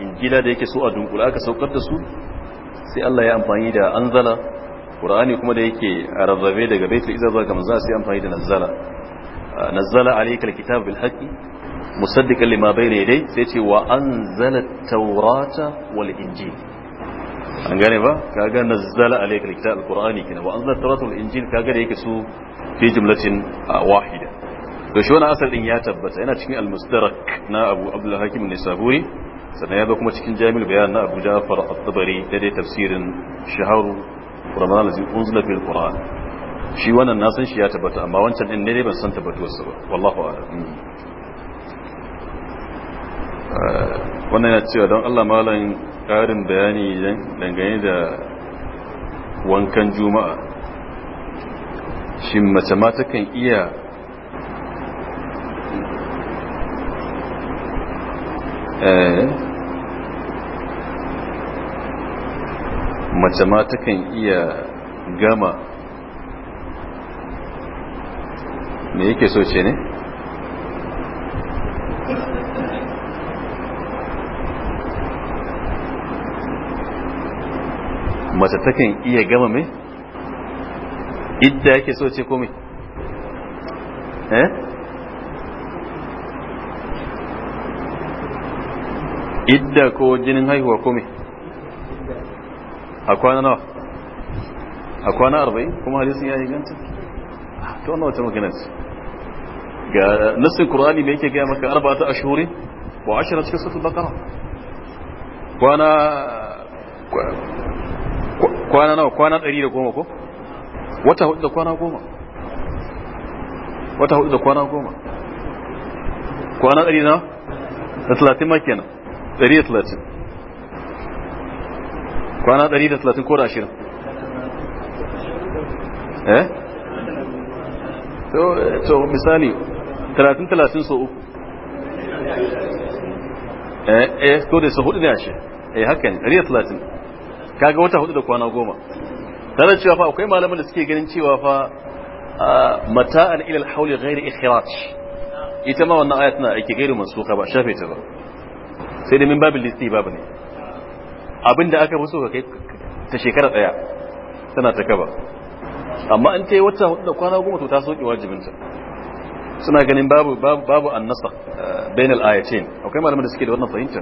injila da yake so a dunkula aka saukar da su sai Allah ya amfani da anzala qur'ani kuma da yake razzabe daga baitul izwa zuwa ga manzon sai amfani da nazzala nazzala alayka al-kitab bil haqqi musaddiqan lima bayna yadayhi sai ce wa anzala taurata wal injila an gane ba kaga nazzala alayka alkitab alqur'ani kina wa anzala tawrata walinjil kaga da yake su fi jumlatin ah, wahida to shi wannan asar din ya tabbata yana cikin almustarak na abu abdul hakim nisaburi sannan ya zo kuma cikin jami'ul bayan na abu jafar at-tabari da dai tafsirin shaharu ramadan allazi unzila fil qur'an shi wannan na san shi ya tabbata amma wancan din ne ban san tabbatuwarsa ba wallahu a'lam mm. ah, wannan ya ce don Allah malam ƙarin bayani dangane da wankan juma'a Shin mace ma takan iya eh, mace ma takan iya gama me yake so ce ne? mace takan iya gama mai idda yake so ce komai eh idda ko jinin haihuwa komai a kwana nawa a kwana arba'in kuma hadisin ya yi ganta ah, to wannan wata magana ce ga nassin kur'ani mai yake gaya maka arba ta ashuri wa ashirar cikin sufin bakara kwana kwana nawa kwana ɗari da goma ko wata hudu da kwana goma wata hudu da kwana goma kwana ɗari na da talatin ma kenan ɗari da talatin kwana ɗari da talatin ko da ashirin eh to misali talatin talatin so uku eh eh to da so hudu ne ashe eh haka ne ɗari da talatin kaga wata hudu da kwana goma tare cewa fa akwai malaman da suke ganin cewa fa mata'an ila al-hawl ghayr ikhraj ita ma wannan ayatuna ake gairu mansuka ba shafe ta ba sai da min babin listi babu ne abinda aka fi ka kai ta shekara daya tana ta kaba amma an ta wata hudu da kwana goma to ta soke wajibinta suna ganin babu babu annasa eh, bainal ayatain akwai malaman da suke da wannan fahimta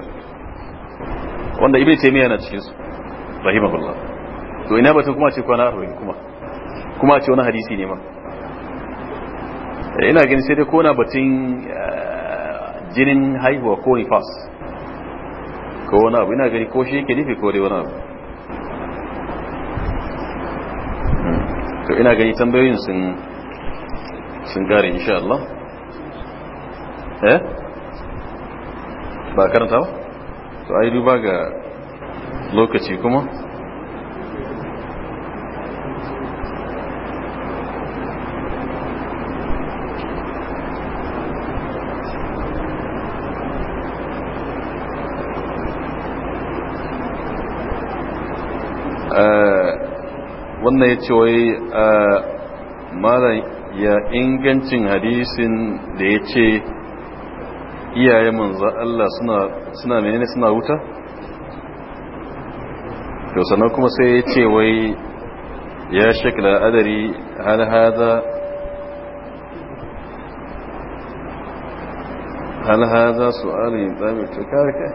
wanda ibe taymiya yana cikin su rahimahullah to ina batun kuma ce kwana arba'in kuma kuma ce wani hadisi ne ma eh, ina gani sai dai kona batun eh, jinin haihuwa ko nifas ko wani abu ina gani ko shi yake nufi ko dai wani abu hmm. to ina gani tambayoyin sun sun gare insha Allah eh ba karanta ba to ai duba ga lokaci kuma eh, wannan ya ce wai eh, mara ya ingancin hadisin da ya ce iyaye manzan Allah suna menene suna wuta? to sannan kuma sai ya ce wai ya shekla adari hal hada hal hada su'ali yin tsamin tukarka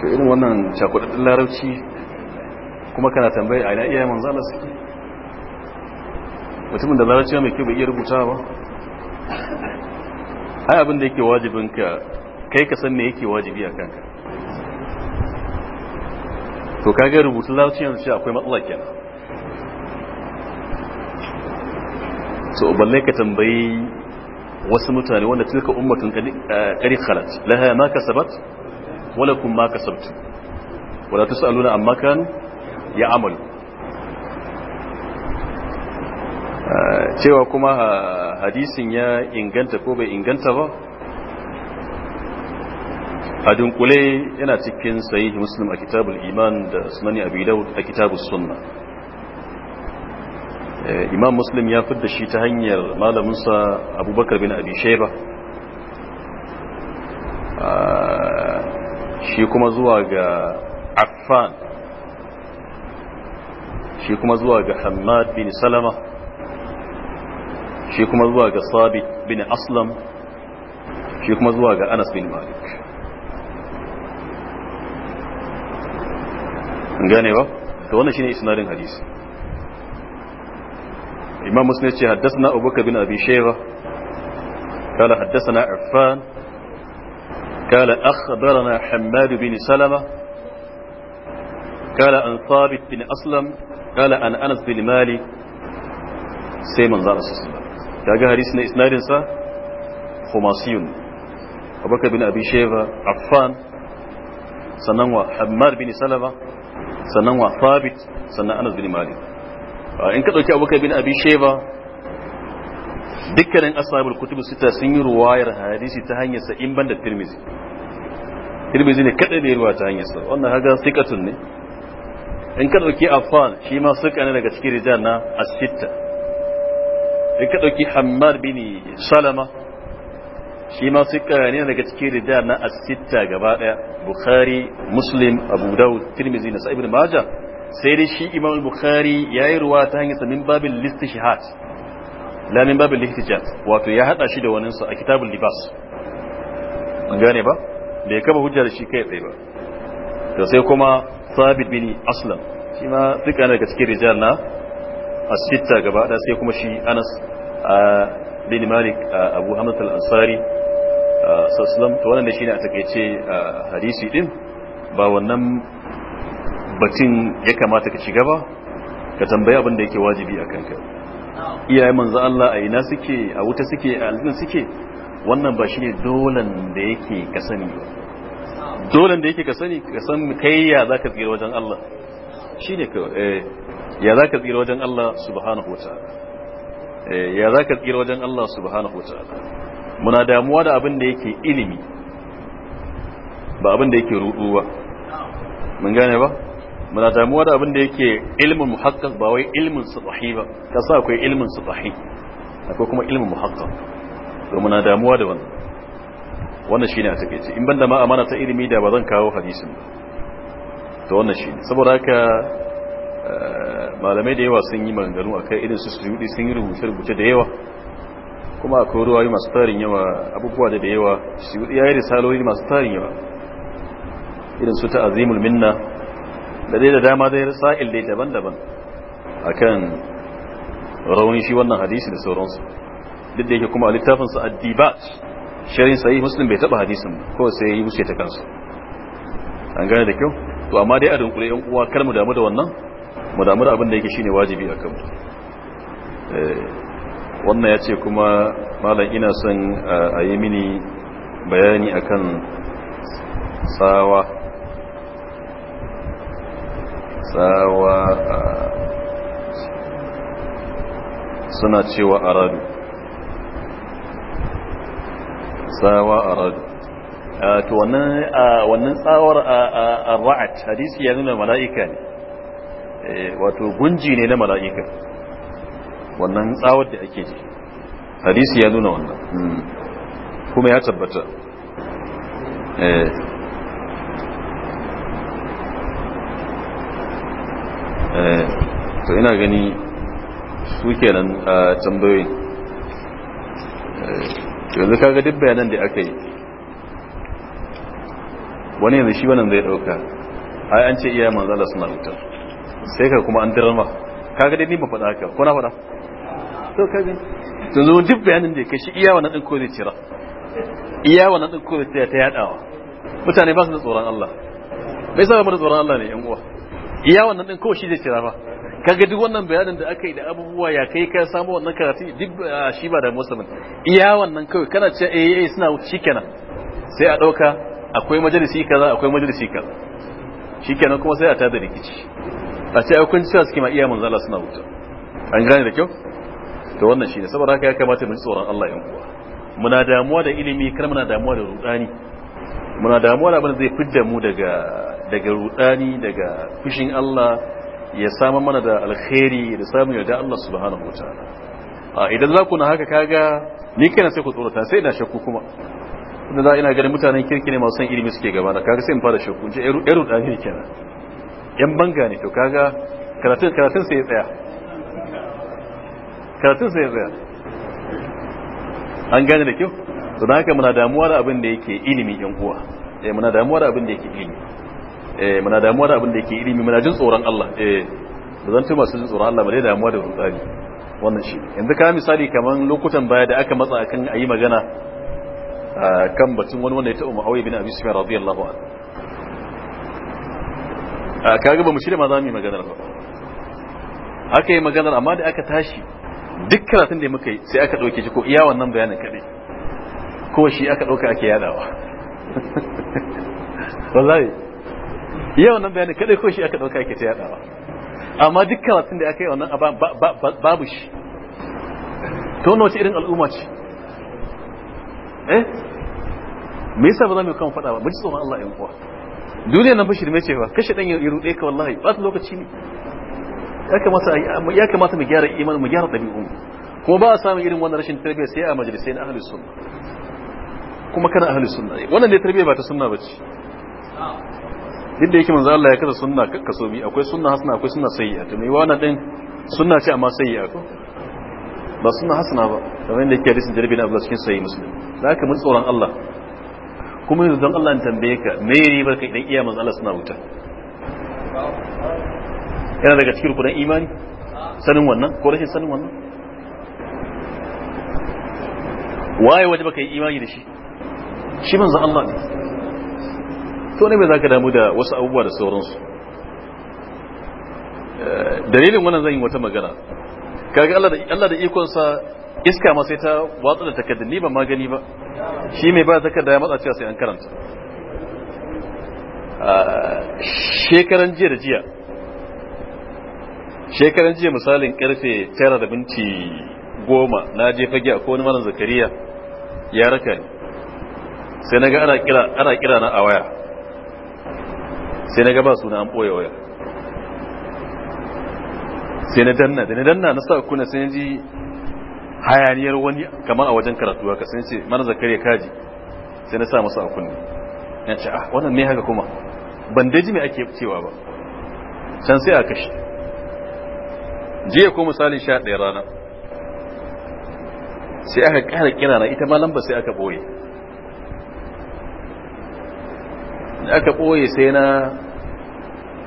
to irin wannan shakudaddun larabci kuma kana tambayi a ina iya manzala suke mutumin da larabci mai kyau bai iya rubuta ba ai abin da yake wajibinka kai ka san me yake wajibi a kanka to kage rubutun lafi yanzu ce akwai matsala kenan so balle ka tambayi wasu mutane wanda tilka ummatun kari eh, khalat laha ma kasabat wala lakum ma kasabtu wala tusaluna amma kan ya amalu eh, cewa kuma hadisin ya inganta ko bai inganta ba a dunkule yana cikin sahih muslim a kitabul iman da sunani abi daud a kitabus sunna eh, imam muslim ya fidda shi ta hanyar malaminsa abubakar bin abi shaiba ah, shi kuma zuwa ga affan shi kuma zuwa ga hamad bin salama shi kuma zuwa ga sabit bin aslam shi kuma zuwa ga anas bin malik an gane ba to wannan shine isnadin hadisi imam muslim ce haddathana abubakar bin abi shayba قال حدثنا عفان قال أخبرنا حماد بن سلمة قال أن ثابت بن أسلم قال أن أنس بن مالك سيما زارس كاقا حديثنا إسناد سا خماسي أبو بن أبي شيبة عفان سننوى حماد بن سلمة sannan wa thabit sannan anas bin malik ah, in ka dauki abubakar bin abi sheba dukkanin ashabul kutub sita sun yi ruwayar hadisi ta hanyar sa in banda tirmizi tirmizi ne kada da ruwa ta hanyar sa wannan haga sikatun ne in ka dauki afan shi ma suka ne daga cikin rijal na as-sitta in ka dauki hammad bin salama shi ma suka ne daga cikin rida na asitta gaba daya bukhari muslim abu daud tirmizi na sa'ibin maja sai dai shi imam bukhari ya yi ruwa ta hanyar samin babin listi shahat. la min babin lihtijat wato ya hada shi da waninsa a kitabun libas an gane ba bai kaba hujja da shi kai tsaye ba to sai kuma sabit bin aslam shi ma duka daga cikin rijal na asitta gaba daya sai kuma shi anas ah, bin malik ah, abu hamad al-ansari sassalam to wannan ne a a hadisi din ba wannan batin ya kamata ka shiga ba ka tambayi abin da yake wajibi a kanka iyaye manzo Allah a ina suke a wuta suke a aljanna suke wannan ba shine dolan da yake ka sani ba dolan da yake ka sani ka san kai ya za ka tsira wajen Allah shi ka eh, ya za ka tsira wajen Allah subhanahu ta'ala eh, ya za ka tsira wajen Allah subhanahu ta'ala muna damuwa da abin da yake ilimi ba abin da yake rudu ba mun gane ba muna damuwa da abin da yake ilmin muhakkak ba wai ilmin sahihi ba ka sa akwai ilmin sahihi akwai kuma ilmin muhakkak to muna damuwa da wannan wannan shine a ce in banda ma amana ta ilimi da ba zan kawo hadisin to wannan shine saboda haka eh, malamai da yawa sun yi maganganu akai irin su suyudi sun yi rubuce-rubuce da yawa kuma akwai yi masu tarin yawa abubuwa da da yawa shi ya yi risaloli masu tarin yawa irin su ta azimul minna da dai da dama dai sa'il dai daban-daban akan rauni shi wannan hadisi da sauransu duk da yake kuma a littafin sa addibat sharin sahih muslim bai taba hadisin ko sai yi wuce ta kansu an gane da kyau to amma dai a dunkule yan uwa kar mu damu da wannan mu damu da abin da yake shine wajibi a mu wannan ya ce kuma malam ina son eh, a yi mini bayani akan tsawa tsawa eh, suna cewa aradu tsawa aradu eh, to wannan tsawar a ra'at hadisi ya nuna mala'ika ne wato gunji ne na mala'ika wannan tsawar da ake ji hadisi ya nuna wannan hmm. kuma ya tabbata eh. Eh. to ina gani su nan a tambayoyin eh. yanzu kaga duk bayanan da aka yi wani yanzu shi wannan zai dauka ai an ce iya manzala suna wutar sai ka kuma an dirama kaga dai ni ba faɗa haka ko na faɗa to ka duk bayanin da kai shi iya wannan din ko tira iya wannan din ko tira ta yadawa mutane ba su da tsoron Allah bai sa mu da tsoron Allah ne yan uwa iya wannan din ko shi zai tira ba kaga duk wannan bayanin da aka yi da abubuwa ya kai ka samu wannan karatu duk shi ba da musulmin iya wannan kawai kana ce eh eh suna shikenan kenan sai a dauka akwai majalisi kaza akwai majalisi kaza shikenan kuma sai a tada rikici a ce ai kun cewa suke ma iya manzala suna wuta an gane da kyau to wannan shi ne saboda haka ya kamata mu ji tsoron Allah yan uwa muna damuwa da ilimi kar muna damuwa da rudani muna damuwa da abin zai fidda mu daga daga rudani daga fushin Allah ya samu mana da alkhairi da samu yadda Allah subhanahu wataala a idan za ku na haka kaga ni kenan sai ku tsorata sai ina shakku kuma inda za ina ganin mutanen kirki ne masu san ilimi suke gaba da kaga sai in fara shakku in ce yan rudani ne kenan yan banga ne to kaga karatun karatun sai ya tsaya karatun sai zaya. an gane da kyau don haka muna damuwa da abin da yake ilimi yan uwa eh muna damuwa da abin da yake ilimi eh muna damuwa da abin da yake ilimi muna jin tsoron Allah eh ba zan tuma su jin tsoron Allah ba dai damuwa da rutsani wannan shi yanzu ka misali kaman lokutan baya da aka matsa akan ayi magana kan batun wani wanda ya taɓa Muawiya bin Abi Sufyan radiyallahu anhu kaga ba mu shirya ma za mu yi maganar ba aka yi maganar amma da aka tashi duk karatun da muka yi sai aka ɗauke shi ko iya wannan bayanin kaɗai ko shi aka ɗauka ake yadawa wallahi iya wannan bayanin kaɗai ko shi aka ɗauka ake ta yadawa amma duk karatun da aka yi wannan babu shi to wani wace irin al'umma ce eh me yasa ba za mu kan faɗa ba mu ji tsoron Allah yi kuwa duniya nan bashir mai cewa kashe dan ya rude ka wallahi ba lokaci ne ya kamata mu gyara imanin mu gyara ɗabi'un kuma ba a samun irin wannan rashin tarbiyya sai a majalisai na ahlus sunna kuma kana ahlus sunna wannan ne tarbiyya ba ta suna bace duk da yake manzo Allah ya kaza sunna kakkaso bi akwai suna hasana akwai suna sunna a to me wannan din suna ce amma a ko ba suna hasana ba kamar yadda yake hadisin jarbi na Abdullah cikin sahih za ka mun tsoron Allah kuma yanzu don Allah in tambaye ka me ribar ka idan iya manzo Allah suna wuta yana daga cikin rukunan imani sanin wannan ko rashin sanin wannan waye waje baka yi imani da shi shi manzo Allah ne to ne mai zaka damu da wasu abubuwa da sauransu eh, dalilin wannan zan yi wata magana kaga Allah da Allah da ikonsa iska ma sai ta watsa da takaddani ba magani ba shi mai ba zaka da ya matsa cewa sai an karanta ah, shekaran jiya da jiya shekaran jiya misalin karfe tara da goma na je fage a kowane malam zakariya ya raka ni sai na ga ana kira na a waya sai na ga ba suna an ɓoye waya sai na danna da na danna na sa kuna sai ji hayaniyar wani kama a wajen karatu haka sai ce mana zakariya kaji sai na sa masa a kunne ya ce ah wannan ne haka kuma ban daji mai ake cewa ba can sai a kashe jiya ko misali sha ɗaya rana sai aka ƙara kira ita ma lamba sai aka ɓoye da aka ɓoye sai na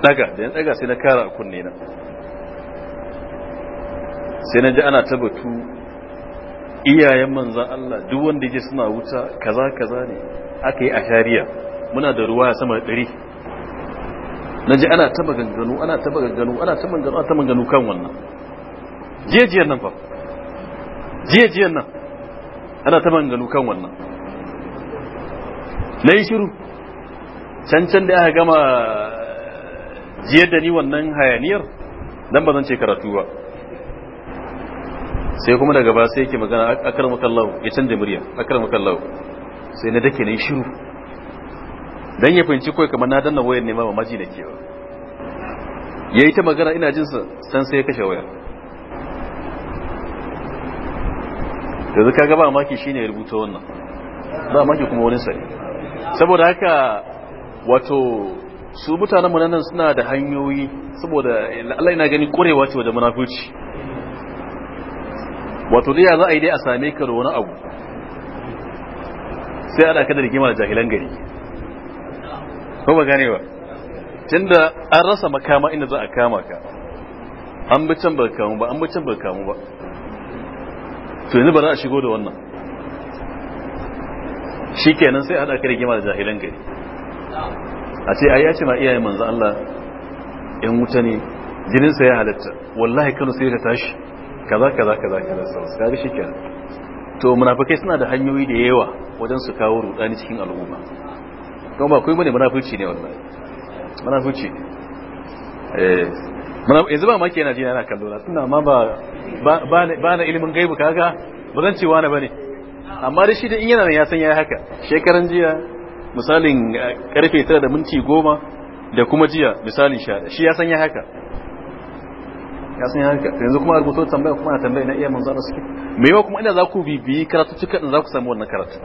ɗaga da na ɗaga sai na kara a kunne na sai na ji ana tabbatu iyayen manzan Allah duk wanda ya suna wuta kaza kaza ne aka yi a shariya muna da ruwa sama da ɗari na ji ana ta maganganu ana ta maganganu ana ta maganganu ana ta maganganu kan wannan jejiyar nan fa jejiyar nan ana ta maganganu kan wannan na yi shiru cancan da aka gama eh, jiyar da ni wannan hayaniyar dan ba zan ce karatu ba sai kuma daga ba sai yake magana akar makallahu ya canza murya akar makallahu sai na dake na yi shiru dan ya fahimci kawai kamar na danna wayar ne ma maji da ke ya yi ta magana ina jinsa san sai ya kashe wayar yanzu gaba ba maki shine ya rubuta wannan ba maki kuma wani sai saboda haka wato su mutanen munanan suna da hanyoyi saboda Allah yana gani korewa ce da munafurci wato dai ya za a yi dai a same ka da wani abu sai ana kada rigima da jahilan gari ko ba gane ba tunda an rasa makama inda za a kama ka an bi can ba kamu ba an bi can ba kamu ba to yanzu ba za a shigo da wannan shi kenan sai a haɗa kai gima da jahilan gari a ce ai ya ce ma iyayen manzo Allah in wuta ne jininsa ya halatta wallahi kano sai ta tashi kaza kaza kaza kaza sauransu ga shi kenan to munafikai suna da hanyoyi da yawa wajen su kawo rudani cikin al'umma kuma ba kai bane munafici ne wallahi munafici eh yanzu ba maki yana jina yana kallo na tunda ma ba ba na ilimin gaibu kaga ba zan ce wani bane amma da shi da in yana nan ya san yayi haka shekaran jiya misalin eh, karfe 9 da minti 10 da kuma jiya misalin 11 shi ya san yayi haka ya san haka yanzu kuma rubuto tambaya kuma na tambaya na iya manzo da suke me yawa kuma ina za ku bibiyi karatu cikin za ku samu wannan karatu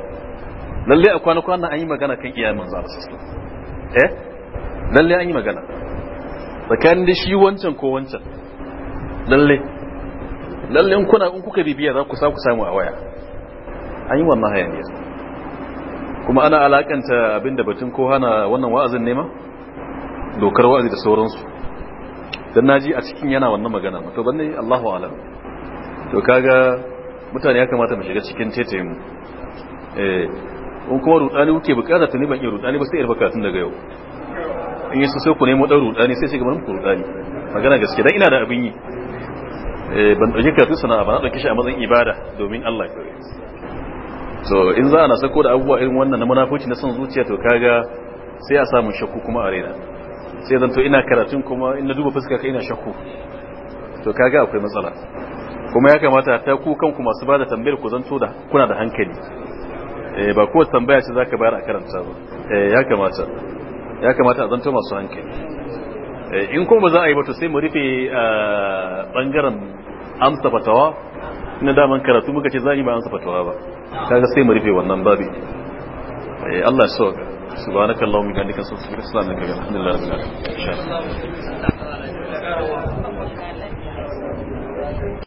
lalle a kwana-kwanan nan an yi magana kan iyayen manzo Allah sallallahu alaihi eh lalle an yi magana tsakanin da shi wancan ko wancan lalle lalle in kuna in kuka bibiya za ku ku samu a waya an yi wannan hayaniyar kuma ana alakanta abinda batun ko hana wannan wa'azin nema dokar wa'azi da sauransu dan naji a cikin yana wannan magana to banne Allahu alam to kaga mutane ya kamata mu shiga cikin tetayen mu eh in kuma rudani kuke bukata ta ni ban iya rudani ba sai irfa karatun daga yau in yi sosai ku nemo dan rudani sai sai gaban ku rudani magana gaske dan ina da abin yi eh, ban ɗauki karatun sana'a ba na ɗauki shi a matsayin ibada domin Allah ya so in za a na sako da abubuwa irin wannan na manafoci na son zuciya to kaga sai a samun shakku kuma a raina sai zanto ina karatun kuma in na duba fuska ka ina shakku to kaga akwai matsala kuma ya kamata ta ku kanku masu bada tambayar ku zanto da kuna da hankali Eh, ba kowace tambaya ce za ka bayar a karanta ba eh, ya kamata ya kamata a zanto masu hankali eh, in kuma ba za a yi ba to sai mu rufe ah, bangaren amsa fatawa na daman karatu muka ce za a yi ba amsa fatawa ba kaga sai mu rufe wannan babi Allah ya sauka subhanakallahumma wa bihamdika subhanaka wa rabbil alamin